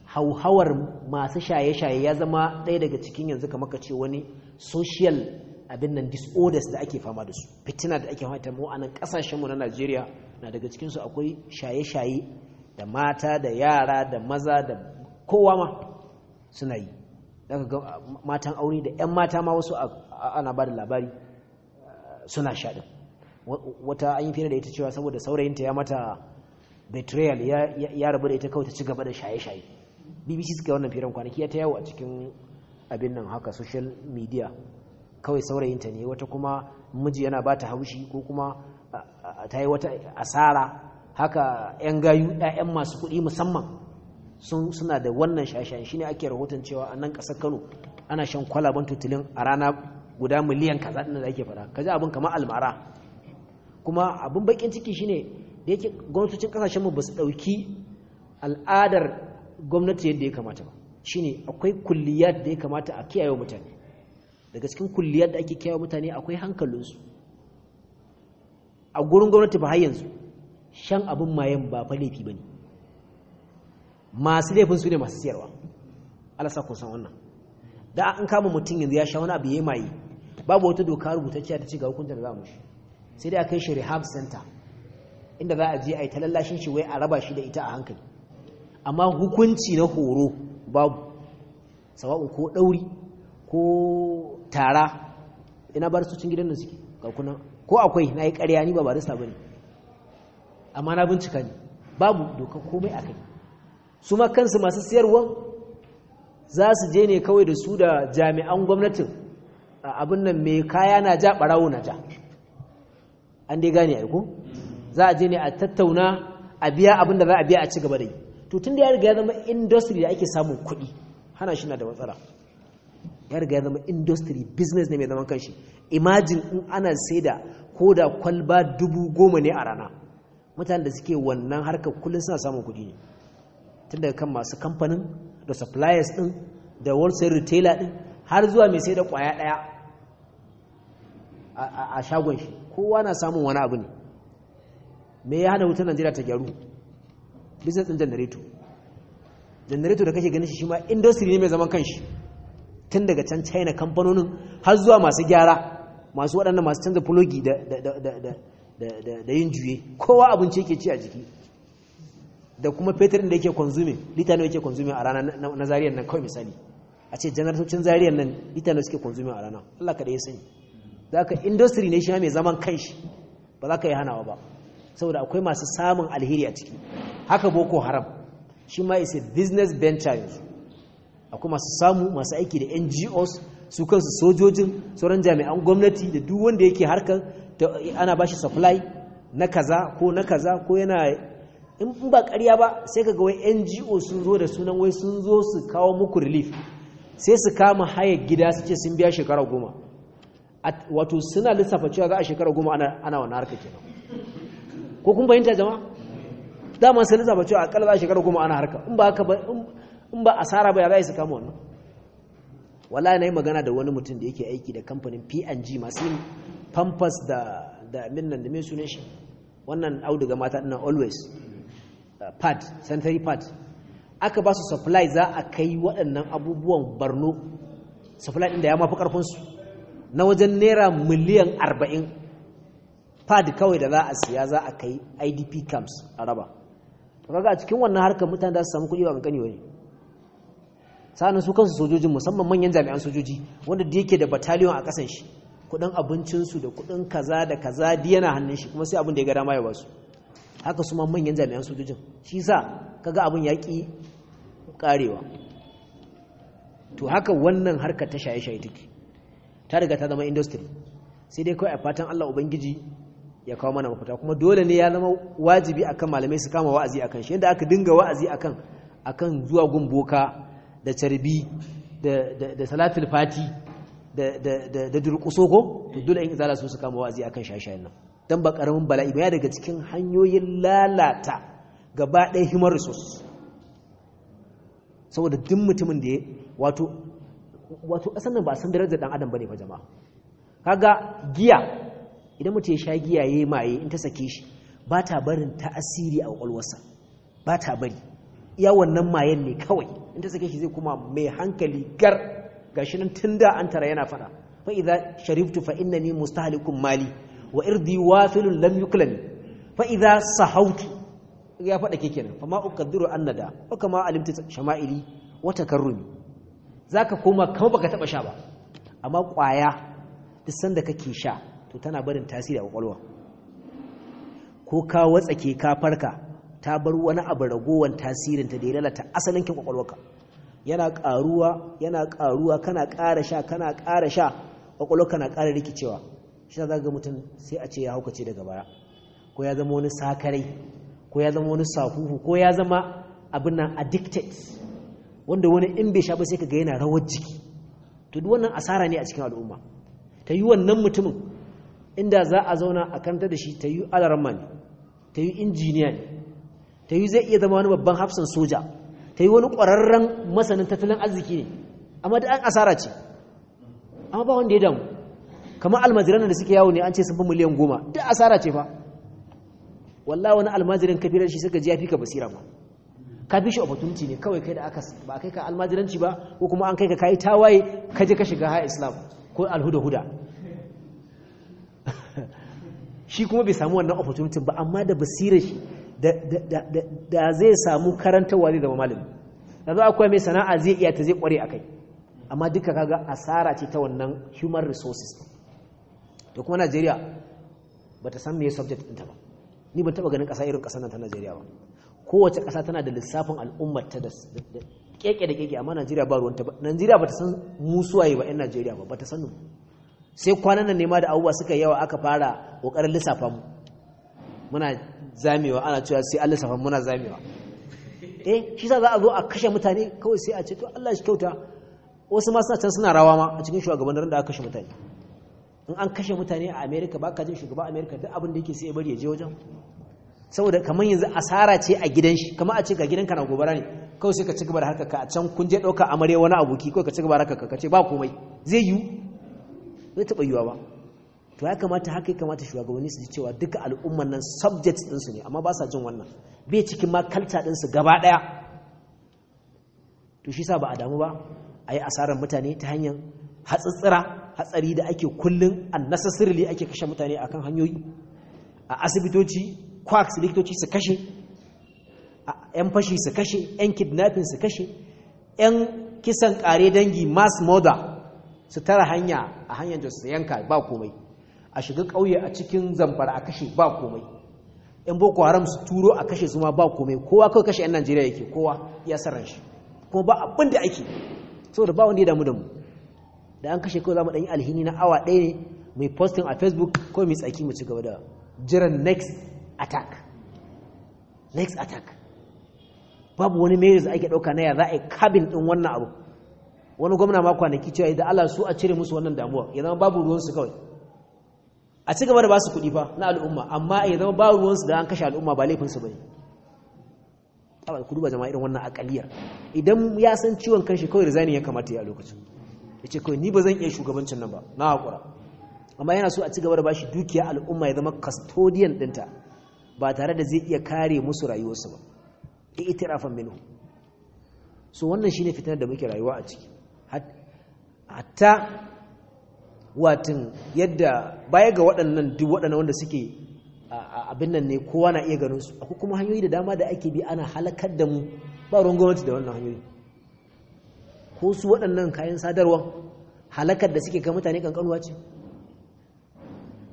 hauhawar masu shaye-shaye ya zama ɗaya daga cikin yanzu kamar ka ce wani social abin nan disorders da ake fama da su fitina da ake fama mu a nan ƙasashenmu na Najeriya na daga cikin su akwai shaye-shaye da mata da yara da maza da kowa ma suna yi daga matan aure da 'yan mata ma wasu ana ba da labari suna sha wata an yi fira da ita cewa saboda saurayinta ya mata betrayal ya rabu da ita kawai ta ci gaba da shaye-shaye bbc suka yi wannan firan kwanaki ya ta yawo a cikin abin nan haka social media kawai saurayinta ne wata kuma miji yana ba ta haushi ko kuma ta yi wata asara haka 'yan gayu 'ya'yan masu kuɗi musamman suna da wannan shaye-shaye shine ake rahoton cewa a nan ƙasar kano ana shan kwalaban tutulin a rana guda miliyan kaza ɗin da ake faɗa kaji abin kamar almara kuma abin bakin ciki shine da yake gwamnatocin kasashenmu ba su ɗauki al'adar gwamnati yadda ya kamata ba shine akwai kulliyar da ya kamata a kiyaye mutane daga cikin kulliyar da ake kiyaye mutane akwai hankalinsu a gurin gwamnati ba har yanzu shan abin mayan ba fa laifi bane masu laifin su ne masu siyarwa Allah sa ku san wannan da an kama mutum yanzu ya sha wani abu yayi maye babu wata doka rubutacciya ta ce ga hukuntar da za mu shi sai dai a kai shi rehab center inda za a je a yi talallashin shi wai a raba shi da ita a hankali amma hukunci na horo babu sawa'un ko ɗauri ko tara ina cin gidan da suke kalkunan ko akwai na yi ƙarya ni ba ba ne amma na bincika ne babu doka komai a kai su ma kansu masu siyarwa za su je ne kawai da su da jami'an gwamnatin abin nan mai kaya na ja ɓarawo na ja an dai gane aiko za a je ne a tattauna a biya abin da za a biya a ci gaba da yi to tun da ya riga ya zama industry da ake samun kuɗi hana shi na da matsala ya riga ya zama industry business ne mai zaman kanshi imagine in ana sai da ko da kwalba dubu goma ne a rana mutane da suke wannan harkar kullum suna samun kuɗi ne tun daga kan masu kamfanin da suppliers ɗin da wholesale retailer ɗin har zuwa mai sai da ƙwaya ɗaya a shagon shi kowa na samun wani abu ne me ya hana wutar najeriya ta gyaru business din janareto janareto da kake ganin shi shi ma industry ne mai zaman kanshi tun daga can china kamfanonin har zuwa masu gyara masu waɗanda masu canza fulogi da yin juye kowa abinci yake ci a jiki da kuma fetur da yake konsume litano nawa yake konsume a rana na zariyar nan kawai misali a ce cin zariyar nan litano nawa suke konsume a rana Allah da ya sani za ka industry ne shi mai zaman kanshi ba za ka yi hanawa ba saboda akwai masu samun alheri a ciki haka boko haram shi ma is a business venture akwai masu samu masu aiki da ngos su kansu sojojin sauran jami'an gwamnati da duk wanda yake harkar ana ba shi supply na kaza ko na kaza ko yana in ba karya ba sai ka ga ngo sun zo da sunan wai sun zo su kawo muku relief sai su kama haya gida su ce sun biya shekara goma wato suna lissafa cewa za a shekara goma ana wani wannan harka kenan ko kun bayyanta jama'a dama sun lissafa cewa akalla za a shekara goma ana harka in ba asara ba ya za su kama wannan wallahi na yi magana da wani mutum da yake aiki da kamfanin png masu yin pampas da minnan da mai sunan shi wannan auduga mata ɗin always uh, pad sanitary pad aka ba su supply za a kai waɗannan abubuwan barno supply ɗin da ya mafi ƙarfinsu na wajen naira miliyan arba'in fad kawai da za a siya za a kai idp camps a raba kaga a cikin wannan harkar mutane da su samu kuɗi ba mai kanewa ne su kansu sojojin musamman manyan jami'an sojoji wanda da yake da bataliyon a kasan shi kuɗin abincinsu da kuɗin kaza da kaza di yana hannun shi kuma sai abin da ya ga dama ya basu haka su ma manyan jami'an sojojin shi sa kaga abin ya ki karewa to haka wannan harkar ta shaye-shaye take ta riga ta zama industry sai dai kawai a fatan Allah ubangiji ya kawo mana mafita kuma dole ne ya zama wajibi akan malamai su kama wa'azi akan shi yadda aka dinga wa'azi akan akan zuwa gun boka da carbi da salatul fati da durƙuso ko to dole in zala su su kama wa'azi akan shashayen nan dan ba karamin bala'i ba daga cikin hanyoyin lalata gaba ɗaya human resources saboda duk mutumin da ya wato wato asan nan ba san darajar dan adam bane fa jama'a kaga giya idan mutum ya sha giya yayi maye in ta sake shi ba ta barin ta'asiri a kwakwalwarsa ba ta bari iya wannan mayen ne kawai in ta sake shi zai kuma mai hankali gar gashi nan tunda an tara yana fada fa idza sharibtu fa innani mustahlikum mali wa irdi wafilun lam yuklani fa idza sahautu ya fada ke kenan fa ma uqaddiru annada wa kama alimtu shama'ili wa takarrumi Za ka koma kamar baka taba sha ba amma kwaya duk sanda kake sha to tana barin tasiri a kwakwalwa ko ka watsake ka farka ta bar wani abu ragowar tasirin ta ya lalata asalin kin kwakwalwarka yana karuwa yana karuwa kana ƙara sha kana ƙara sha kwakwalwarka na ƙara rikicewa shi za ga mutum sai a ce ya haukace daga baya ko ya zama wani sakarai ko ya zama wani safuhu ko ya zama abin nan addicted wanda wani in bai sha ba sai kaga yana rawar jiki to duk wannan asara ne a cikin al'umma ta yi wannan mutumin inda za a zauna a kanta da shi ta yi alarma ne ta yi injiniya ne ta yi zai iya zama wani babban hafsan soja ta yi wani ƙwararren masanin tattalin arziki ne amma da an asara ce amma ba wanda ya damu kamar almajiran da suke yawo ne an ce sun fi miliyan goma duk asara ce fa wallahi wani almajirin kafirar shi suka ji ya fi ka basira ba ka bi shi opportunity ne kawai kai da aka ba kai ka almajiranci ba ko kuma an kai ka kai tawaye ka je ka shiga ha islam ko alhuda-huda [laughs] shi kuma bai samu wannan opportunity ba amma da basira shi da zai samu karantarwa zai zama malami da za a mai sana'a zai iya ta zai kware a kai amma duka kaga asara ce ta wannan human resources to kuma najeriya ba ta san me subject ɗinta ba ni ban taɓa ganin ƙasa irin ƙasar nan ta najeriya ba kowace ƙasa tana da lissafin ta da keke da keke amma Najeriya ba ruwanta ba Najeriya bata san mu suwaye ba 'yan Najeriya ba bata sanu sai kwanan nan ne ma da abubuwa suka yawa aka fara kokarin lissafa mu muna zamewa ana cewa sai an lissafa muna zamewa eh shi za a zo a kashe mutane kawai sai a ce to Allah shi kyauta wasu ma suna can suna rawa ma a cikin shugabannin da aka kashe mutane in an kashe mutane a America ba ka jin shugaba America duk abin da yake sai ya bari ya je wajen saboda kamar yanzu asara ce a gidan shi kamar a ce ga gidanka na gobara ne kawai sai ka ci gaba da harkarka a can kun je ɗauka amare wani aboki kawai ka ci gaba da harkarka ka ce ba komai zai yiwu zai taɓa yiwa ba to ya kamata haka ya kamata shugabanni su ji cewa duka al'umman nan subject ɗinsu ne amma ba sa jin wannan bai cikin ma kalta ɗinsu gaba ɗaya to shi sa ba a damu ba a yi asarar mutane ta hanyar hatsitsira hatsari da ake kullum unnecessarily ake kashe mutane akan hanyoyi a asibitoci quarks likitoci su kashe yan fashi su kashe yan kidnapping su kashe yan kisan kare dangi mass murder su tara hanya a hanyar da su yanka ba komai a shiga ƙauye a cikin zamfara a kashe ba komai yan boko haram su turo a kashe su ma ba komai kowa kawai kashe yan najeriya yake kowa ya saran shi kuma ba abin da ake saboda ba wanda ya damu da mu da an kashe kawai za mu ɗanyi alhini na awa ɗaya ne mai posting a facebook ko mai tsaki mu ci gaba da jiran next attack legs attack babu wani measures ake dauka na ya za a yi kabin din wannan abu wani gwamna ma kwanaki cewa idan Allah su a cire musu wannan damuwa ya zama babu ruwansu kawai a ci gaba da ba su kuɗi fa na al'umma amma ya zama babu ruwansu da an kashe al'umma ba laifinsu ba ne tabar ku duba jama'a irin wannan akaliyar idan ya san ciwon kanshi kawai rizani ya kamata ya a lokacin ya ce kawai ni ba zan iya shugabancin nan ba na haƙura amma yana so a ci gaba da bashi dukiya al'umma ya zama custodian ɗinta ba tare da zai iya kare musu rayuwarsu ba itirafan minu so wannan shi ne fitinar da muke rayuwa a ciki hatta watan yadda baya ga waɗannan duk waɗannan wanda suke abin nan ne kowa na iya ganin su akwai kuma hanyoyi da dama da ake bi ana halakar da mu ba ruwan gwamnati da wannan hanyoyi ko su waɗannan kayan sadarwa halakar da suke ga mutane kankanuwa ce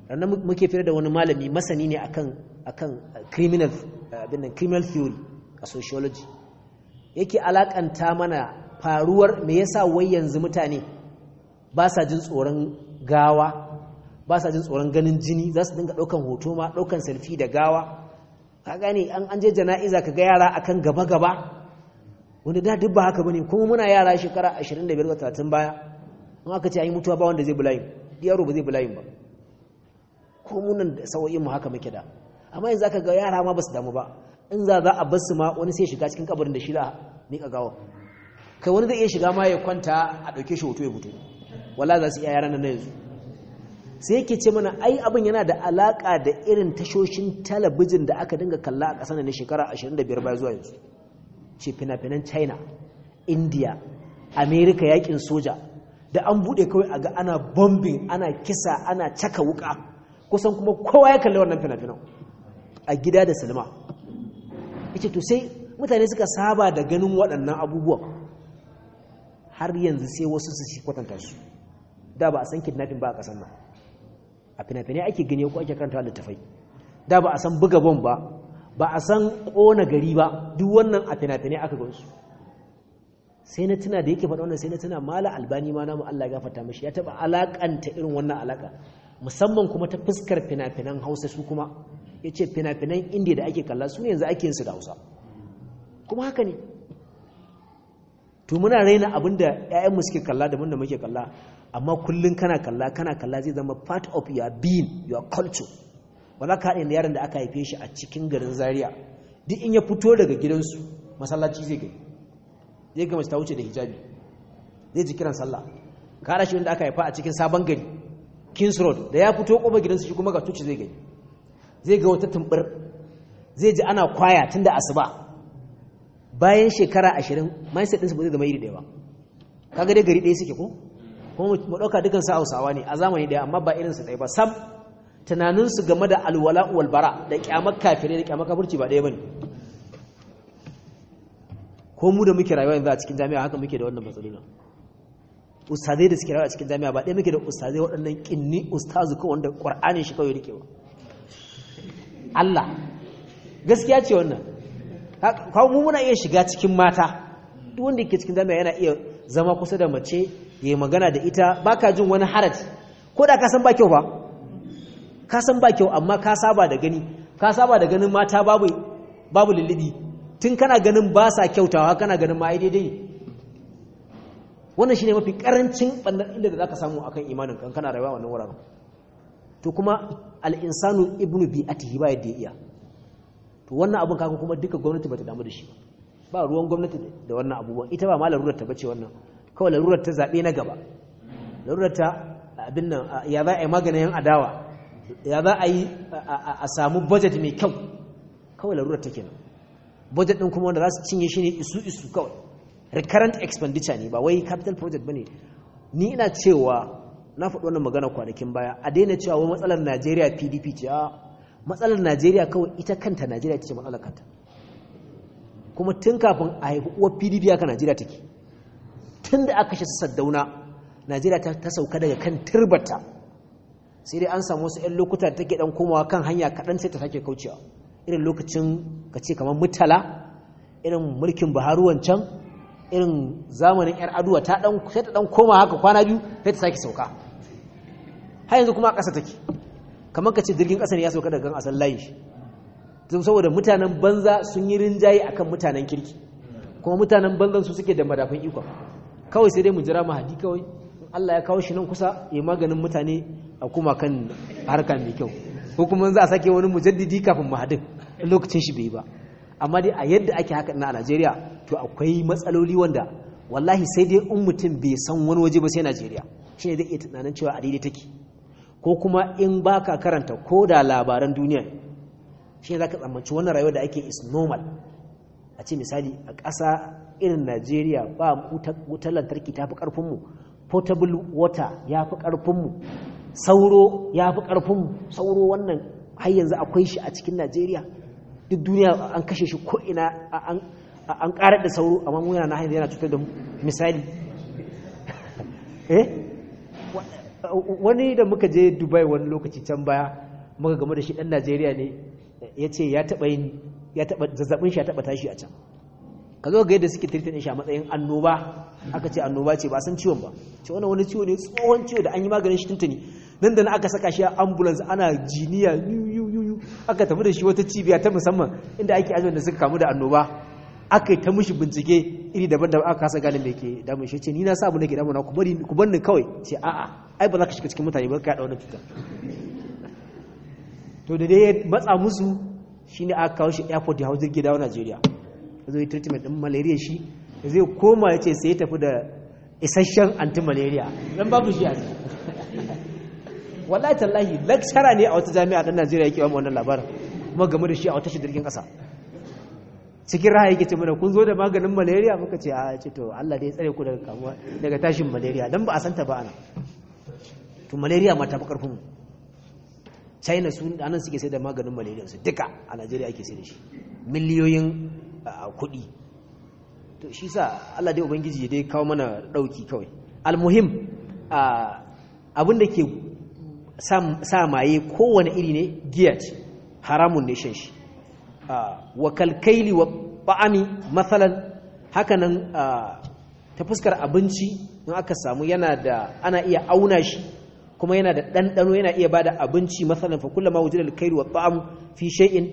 ranar muke fira da wani malami masani ne akan akan eh, criminal eh, abin nan criminal theory a sociology yake alakanta mana faruwar me yasa wai yanzu mutane ba sa jin tsoron gawa ba sa jin tsoron ganin jini za su dinga ɗaukan hoto ma ɗaukan selfie da gawa ka gane an an je jana'iza ka ga yara akan gaba gaba wanda da duk ba haka bane kuma muna yara shekara 25 30 baya in aka ce an yi mutuwa ba wanda zai bulayin yaro ba zai bulayin ba ko munan sa'o'in mu haka muke da amma yanzu aka ga yara ma ba su damu ba in za za a bar su ma wani sai shiga cikin kabarin da shi da miƙa gawa kai wani zai iya shiga ma ya kwanta a ɗauke shi hoto ya fito wala za su iya yaran nan yanzu sai yake ce mana ai abin yana da alaƙa da irin tashoshin talabijin da aka dinga kalla a ƙasar na shekara 25 baya zuwa yanzu ce fina-finan china india america yakin soja da an bude kawai a ga ana bombing ana kisa ana caka wuka kusan kuma kowa ya kalli wannan fina-finan a gida da salma ita to sai mutane suka saba da ganin waɗannan abubuwan har yanzu sai wasu su kwatanta su da ba a san kidnapping ba a ƙasar nan a fina-finai ake gani ko ake karanta littafai da ba a san buga bom ba ba a san ƙona gari ba duk wannan a fina-finai aka gansu sai na tuna da yake faɗa wannan sai na tuna mala albani ma namu Allah ya gafarta mishi ya taɓa alakanta irin wannan alaka musamman kuma ta fuskar fina-finan hausa su kuma ya ce fina-finan indiya da ake kalla su ne yanzu ake yinsu da hausa kuma haka ne to muna raina abin da 'ya'yanmu suke kalla da da muke kalla amma kullum kana kalla kana kalla zai zama part of your being your culture ba za ka haɗe da yaron da aka haife shi a cikin garin zaria duk in ya fito daga gidansu masallaci zai gani zai ga mace ta wuce da hijabi zai ji kiran sallah haɗa shi wanda aka haifa a cikin sabon gari kings road da ya fito kofar gidansu shi kuma ga tuci zai gani zai ga wata tumbur zai ji ana kwaya tun da asuba bayan shekara ashirin mindset ɗinsa ba zai zama iri ɗaya ba kaga dai gari ɗaya suke ko kuma mu ɗauka dukan sa hausawa ne a zamani ɗaya amma ba irinsu ɗaya ba sam tunaninsu game da alwala walbara da kyamar kafirai da kyamar kafirci ba ɗaya ba ne ko mu da muke rayuwa yanzu a cikin jami'a haka muke da wannan matsalolin ustazai da suke rayuwa a cikin jami'a ba ɗaya muke da ustazai waɗannan ƙinni ustazu ko wanda ƙwar'anin shi kawai rike ba Allah gaskiya ce wannan kawo mu iya shiga cikin mata duk wanda ke cikin jami'a yana iya zama kusa da mace ya magana da ita baka jin wani haraji ko da ka san ba kyau ba ka san ba kyau amma ka saba da gani ka saba da ganin mata babu babu lullubi tun kana ganin ba sa kyautawa kana ganin ma daidai wannan shine mafi karancin bannan inda da ka samu akan imanin kan kana rayuwa wannan wuraren to kuma al'insanu ibnu a ba yadda ya iya to wannan abin kaka kuma duka gwamnati bata damu da shi ba ruwan gwamnati da wannan abubuwan ita ba ma larurar ta bace wannan kawai larurar ta zaɓe na gaba larurar ta abin nan ya za a yi maganin adawa ya za a yi a samu budget mai kyau kawai larurar ta kenan budget ɗin kuma wanda za su cinye shi ne isu isu kawai recurrent expenditure ne ba wai capital project ba ne ni ina cewa na faɗi wannan magana kwanakin baya a daina cewa wa matsalar Najeriya PDP ce a matsalar Najeriya kawai ita kanta Najeriya ce matsalar kanta kuma tun kafin a haifi uwar PDP haka Najeriya take tun da aka shi Saddauna Najeriya ta, sauka daga kan turbata sai dai an samu wasu 'yan lokuta da take dan komawa kan hanya kaɗan sai ta sake kaucewa irin lokacin ka ce kamar mutala irin mulkin Buhari wancan irin zamanin yar aduwa ta dan sai ta dan koma haka kwana biyu sai ta saki sauka har yanzu kuma a ƙasa take kamar ka ce jirgin ƙasa ne ya sauka daga asan asal layin saboda mutanen banza sun yi rinjaye akan mutanen kirki kuma mutanen banza su suke da madafin ikon kawai sai dai mu jira mahadi kawai Allah ya kawo shi nan kusa ya maganin mutane a kuma kan harka mai kyau ko kuma za a sake wani mujaddidi kafin mahadin lokacin shi bai ba amma dai a yadda ake haka ina a Najeriya to akwai matsaloli wanda wallahi sai dai in mutum bai san wani waje ba sai Najeriya shine zai iya tunanin cewa a daidai take ko kuma in ba ka karanta ko da labaran duniya shine ka tsammanci wannan rayuwar da ake is normal a ce misali a ƙasa irin Najeriya ba wutar lantarki ta fi ƙarfinmu potable water ya fi ƙarfinmu sauro ya fi ƙarfinmu sauro wannan har yanzu akwai shi a cikin Najeriya duk duniya an kashe shi ko ina an ƙarar da sauro amma mu yana na hanyar yana cutar da misali [laughs] eh? wani da muka je dubai wani lokaci can baya muka game da shi ɗan najeriya ne ya ce ya taɓa yin ya zazzabin shi ya taɓa tashi a can ka zo ga yadda suke tirtin shi a matsayin annoba aka ce annoba ce ba san ciwon ba ce wannan wani ciwo ne tsohon ciwo da an yi maganin shi tuntuni nan da na aka saka shi a ambulance ana jiniya yu yu aka tafi da shi wata cibiya ta musamman inda ake ajiyar da suka kamu da annoba aka yi ta mishi bincike iri daban-daban aka kasa gane me ke damun shi ce ni na sa abu da ke damuna ku bari ku ni kawai ce a'a ai ba za ka shiga cikin mutane ba ka da wani cuta to da dai matsa musu shine aka kawo shi airport ya hau jirgi dawo Najeriya zai treatment din malaria shi zai koma ya ce sai ya tafi da isasshen anti malaria dan babu shi a ciki wallahi tallahi lecturer ne a wata jami'a dan Najeriya yake yawan wannan labarin kuma game da shi a wata shirgin kasa cikin raha yake ce mana kun zo da maganin malaria muka ce a ce to Allah dai tsare ku daga kamuwa daga tashin malaria dan ba a santa ba ana to malaria ma ta fi karfin China su anan suke sai da maganin malaria su duka a Najeriya ake sai da shi miliyoyin kuɗi to shi sa Allah dai ubangiji dai kawo mana dauki kawai almuhim abin da ke sa maye kowane iri ne giya ce haramun ne shan shi ah, wa kalkaili wa ba'ami matsalan hakanan ah, ta fuskar abinci in aka samu yana da ana iya auna shi kuma yana da ɗanɗano yana iya ba da abinci matsalan fa ma wujidal alkailu wa ba'am fi shay'in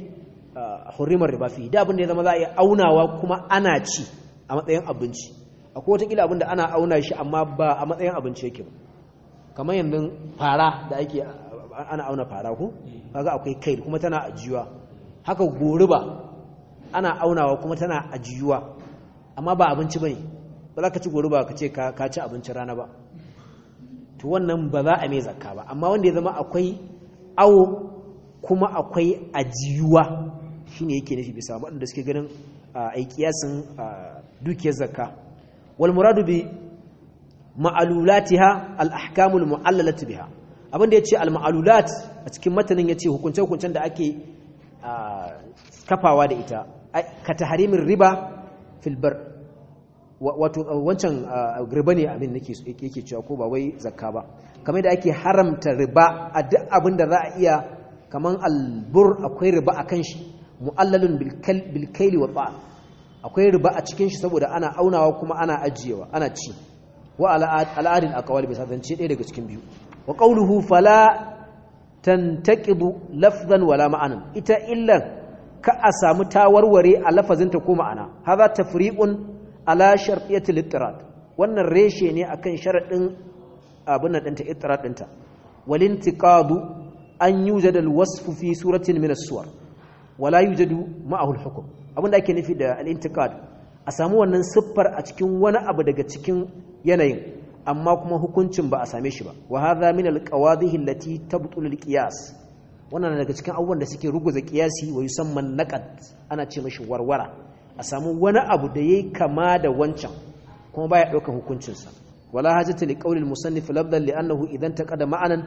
ah, hurrimar riba fi da abin da ya zama za a iya aunawa kuma ana ci a matsayin abinci akwai wata abin da ana auna shi amma ba a matsayin abinci yake ba kamar yanzu fara da ake ana auna fara ko kaga akwai kai kuma tana ajiyuwa haka goruba ana aunawa kuma tana ajiyuwa amma ba abinci bane ba za ka ci goruba ka ce ka ci abincin rana ba to wannan ba za a mai zakka ba amma wanda ya zama akwai awo kuma akwai ajiyuwa shine yake nufi bisa wadanda suke ganin a kiyasin dukiyar zakka wal muradu bi ma'alulatiha al-ahkamul mu'allalatu biha abinda ya yace al-ma'alulat a cikin matanin yace hukunce hukuncen da ake kafawa da ita ka tahrimin riba fil bar wato wancan riba ne abin nake yake cewa ko ba wai zakka ba kamar da ake haramta riba a duk abin da za a iya kamar albur akwai riba kan shi mu'allalun bil wa ta'a akwai riba a cikin shi saboda ana aunawa kuma ana ajiyewa ana ci wa al'adin aqwal bisa zance ɗaya daga cikin biyu wa qawluhu fala tantaƙidu lafzan wala ma'anan ita illan ka a samu tawarware a lafazinta ko ma'ana ta firiƙun ala shartiyati littirat wannan reshe ne akan sharaɗin abin nan dinta littirat dinta walin tiƙadu an yi al wasu fi suratin min wala yi wujadu ma'ahul hukum abin da ake nufi da al a samu wannan siffar a cikin wani abu daga cikin yanayin amma kuma hukuncin ba a same shi ba wa hadha min alqawadhihi allati tabtul alqiyas wannan daga cikin abubuwan da suke ruguza qiyasi wa yusamman naqad ana ce mashi warwara a samu wani abu da yayi kama da wancan kuma baya daukar hukuncin sa wala hajata li qawli almusannif lafdan annahu idan taqada ma'anan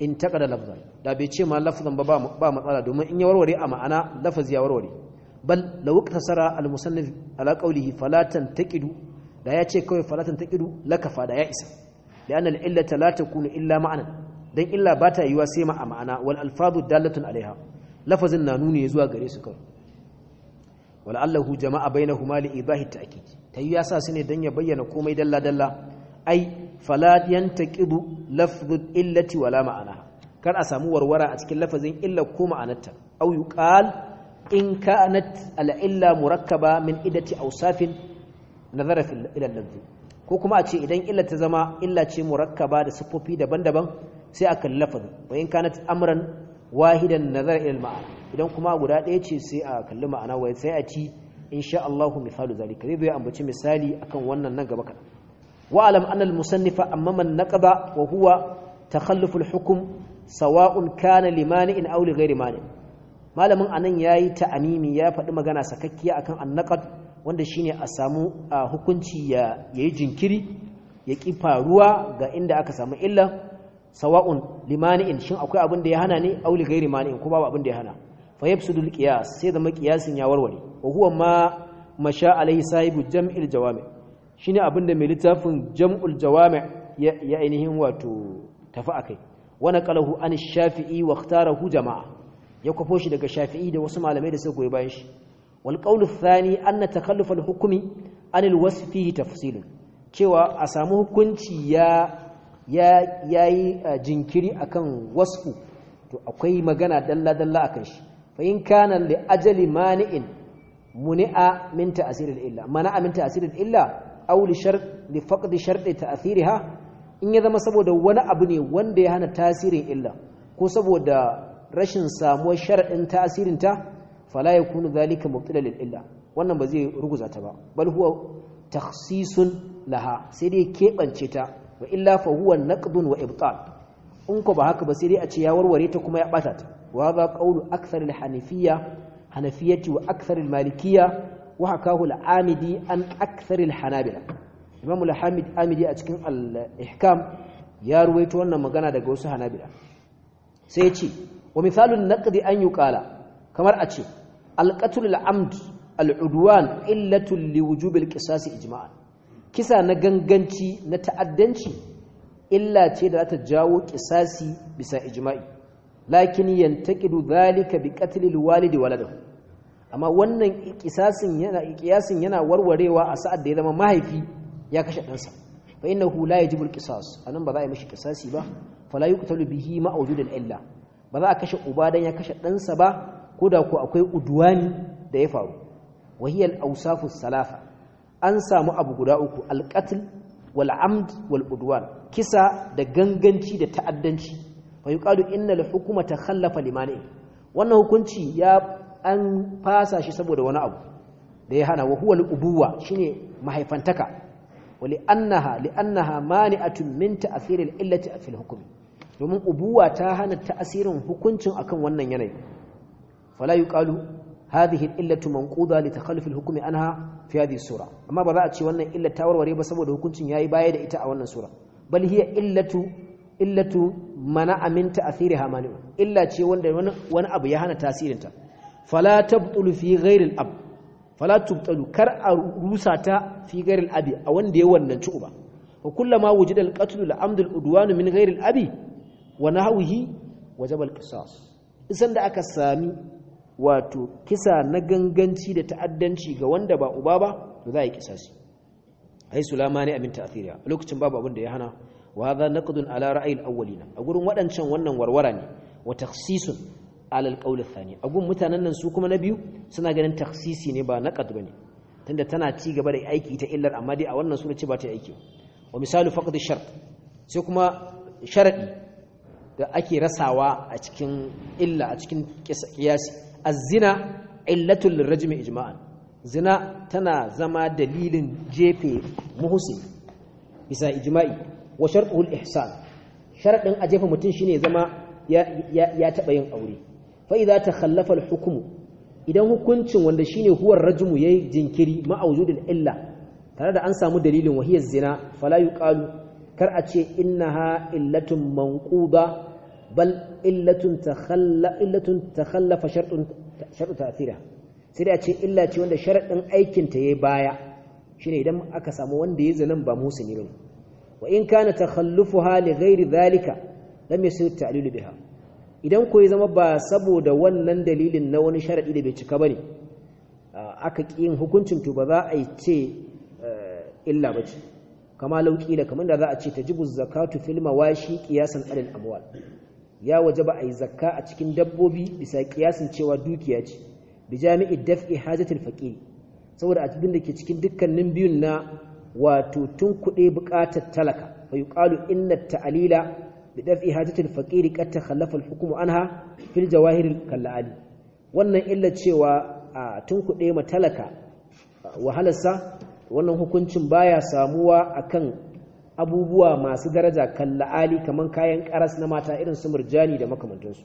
in taqada lafdan da bai ce ma lafzan ba ba matsala domin in ya warware a ma'ana lafazi ya warware bal law iktasara almusannif ala qawlihi fala tantaqidu da ya ce kawai falatan ta laka fa da ya isa li'anna al-illata la takunu illa ma'ana dan illa ba ta yiwa sai ma ma'ana wal alfadu dalatun alaiha lafazin na nuni zuwa gare su kawai allahu jama'a bainahuma li ibahi ta yi ya sa su ne dan ya bayyana komai dalla dalla ai fala ƙiru lafdhu illati wala ma'ana kar a samu warwara a cikin lafazin illa ko ma'anarta au yuqal in kanat al murakkaba min idati awsafin nazara ila lafzi ko kuma a ce idan illa ta zama illa ce murakkaba da siffofi daban-daban sai a kalli lafazin wa in kanat amran wahidan nazara ilal ma'ana idan kuma guda ɗaya ce sai a kalli ma'ana wa sai a ci insha allahu misalu zalika zai zo ya ambaci misali akan wannan nan gaba kaɗan wa alam anna al musannifa amma man naqada wa huwa takhallufu al hukm sawa'un kana limani'in aw li ghairi mani malamin anan yayi ta'amimi ya faɗi magana sakakkiya akan annaqad wanda shi ne a samu a hukunci ya yi jinkiri ya ƙi faruwa ga inda aka samu illa sawa'un limani'in shin akwai abin da ya hana ne auli gairi limani'in, ko babu abin da ya hana fa dul qiyas sai zama ƙiyasin ya warware wa huwa ma masha alaihi sahibu jam'il jawami shine abin da mai littafin jam'ul jawami ya ainihin wato tafi akai wa naqalahu an shafi'i wa ikhtarahu jama'a ya kwafo shi daga shafi'i da wasu malamai da suka goyi bayan shi wal qawlu thani anna takalluf al hukmi an al wasf fihi tafsil cewa a samu hukunci ya ya yayi uh, jinkiri akan wasfu to akwai magana dalla dalla akan shi fa in kana li ajali mani'in muni'a min ta'sir al illa mana'a min ta'sir al illa aw li shart li faqd shart ta'thirha in ya zama saboda wani abu ne wanda ya hana tasirin illa ko saboda rashin samuwar sharaɗin tasirin ta fala yakunu zalika mubtila lil illa wannan ba zai ruguza ta ba bal huwa takhsisun laha sai dai kebance ta wa illa fa huwa naqdun wa ibtal in ko ba haka ba sai dai a ce ya warware ta kuma ya bata ta wa za qawlu akthar al hanifiyya hanafiyati wa akthar al malikiyya wa hakahu al amidi an akthar al hanabila imam al hamid amidi a cikin al ihkam ya ruwaito wannan magana daga wasu hanabila sai ya ce wa misalun naqdi an yuqala kamar a ce alqatul al'amd al'udwan illatul liwujubil ƙisasi ijma'an kisa na ganganci na ta'addanci illa ce da za ta jawo ƙisasi bisa ijma'i lakin ƙidu zalika bi qatl walidi waladahu amma wannan qisasin yana yana warwarewa a sa'ad da ya zama mahaifi ya kashe ɗansa fa innahu la yajibu alqisas anan ba za a yi mishi qisasi ba fala yuqtalu bihi ma illa ba za a kashe uba dan ya kashe ɗansa ba ko da ku akwai udwani da ya faru wahiyal ausafu salafa an samu abu guda uku alqatl wal amd wal udwan kisa da ganganci da ta'addanci fa yuqalu innal hukuma takhallafa limani wannan hukunci ya an fasa shi saboda wani abu da ya hana wa huwa al-ubuwa shine mahaifantaka wali annaha li annaha mani'atun min ta'thir al-illati fil hukm domin ubuwa ta hana ta'asirin hukuncin akan wannan yanayi fala yuqalu hadhihi illatu manquda li takhalluf al-hukmi anha fi hadhihi sura amma ba za a ce wannan illa ta warware ba saboda hukuncin yayi baya da ita a wannan sura bal hiya illatu mana aminta min ta'thiriha mani illa ce wanda wani abu ya hana tasirinta fala tabtulu fi ghairi al-ab fala tubtalu kar a rusa ta fi ghairi al-abi a wanda ya wannan ci uba wa ma wujida al-qatlu al-amdu al-udwan min ghairi al-abi wa nahwihi wajaba al-qisas da aka sami wato kisa na ganganci da ta'addanci ga wanda ba uba ba to za a yi kisasi ai sulama ne amin ta'athiriya lokacin babu abin da ya hana wa hadha naqdun ala ra'ayil awwalina a gurin wadancan wannan warwara ne wa takhsisun ala alqawl athani a gurin mutanen nan su kuma na biyu suna ganin takhsisi ne ba naqd bane tunda tana ci gaba da aiki ta illar amma dai a wannan sura ce ba ta aiki wa misalu faqd shart sai kuma sharadi da ake rasawa a cikin illa a cikin kiyasi az-zina zina tana zama dalilin jefe muhsin bisa ijma'i wa shartuhu al-ihsan sharadin a jefa mutum shine zama ya ya taba yin aure fa idza takhallafa al idan hukuncin wanda shine huwar rajmu yayi jinkiri ma'awjudul illa tare da an samu dalilin wahiyar zina fala yuqalu kar a ce innaha illatun manquba bal illatun takhalla illatun takhallafa shartun shartu ta'thira sai da ce illa ce wanda sharadin aikin ta yayi baya shine idan aka samu wanda yayi zanan ba musuni bane wa in hali gairi li ghairi dhalika lam yasir ta'lil biha idan ko zama ba saboda wannan dalilin na wani sharaɗi da bai cika bane aka kiyin hukuncin tu ba za a ce illa bace kama lauki da kamar da za a ce tajibu zakatu fil mawashi ƙiyasan alal amwal ya wajaba a yi zakka a cikin dabbobi bisa kiyasin cewa dukiya ce bi jami'i daf'i hajatul faqir saboda a cikin da ke cikin dukkanin biyun na wato tun kuɗe buƙatar talaka fa yuqalu inna ta'alila bi daf'i hajatul faqir qad takhallafa al-hukmu anha fil jawahir kal'ali wannan illa cewa tun kuɗe ma talaka wahalarsa wannan hukuncin baya samuwa akan abubuwa masu daraja la'ali kaman kayan karas na mata irin su murjani da makamantansu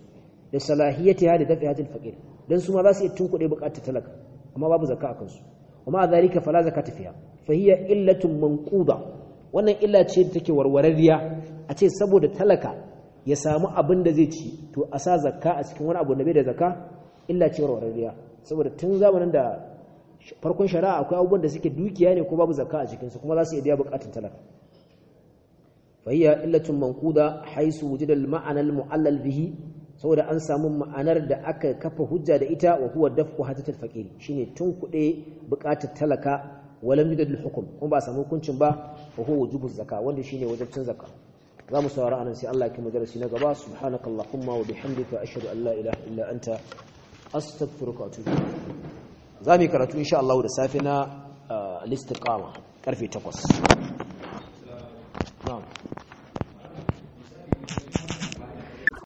da salahiyati hada dafi hajjin faƙir don su ma za su iya tunkuɗe buƙatar talaka amma babu zakka a kansu amma a zalika fala zakata fiha fa hiya illatun manquda wannan illa ce da take warwararriya a ce saboda talaka ya samu abin da zai ci to a sa zakka a cikin wani abu da bai da zakka illa ce warwararriya saboda tun zamanin da farkon shari'a akwai abubuwan da suke dukiya ne ko babu zakka a cikinsu kuma za su iya biya buƙatar talaka فهي إلة منقودة حيث وجد المعنى المعلل به saboda an samu ma'anar da aka kafa hujja da ita wa huwa daf'u hatatul faqir shine tunkuɗe buƙatar talaka walam yudal hukum kuma ba samu hukuncin ba wa huwa wujubu zakka wanda shine wajibcin zakka za mu saurara anan sai Allah ya kimu darasi na gaba subhanakallahumma wa bihamdika ashhadu an la ilaha illa anta astaghfiruka wa atubu za mu karatu insha Allah da safe na al karfe 8知了。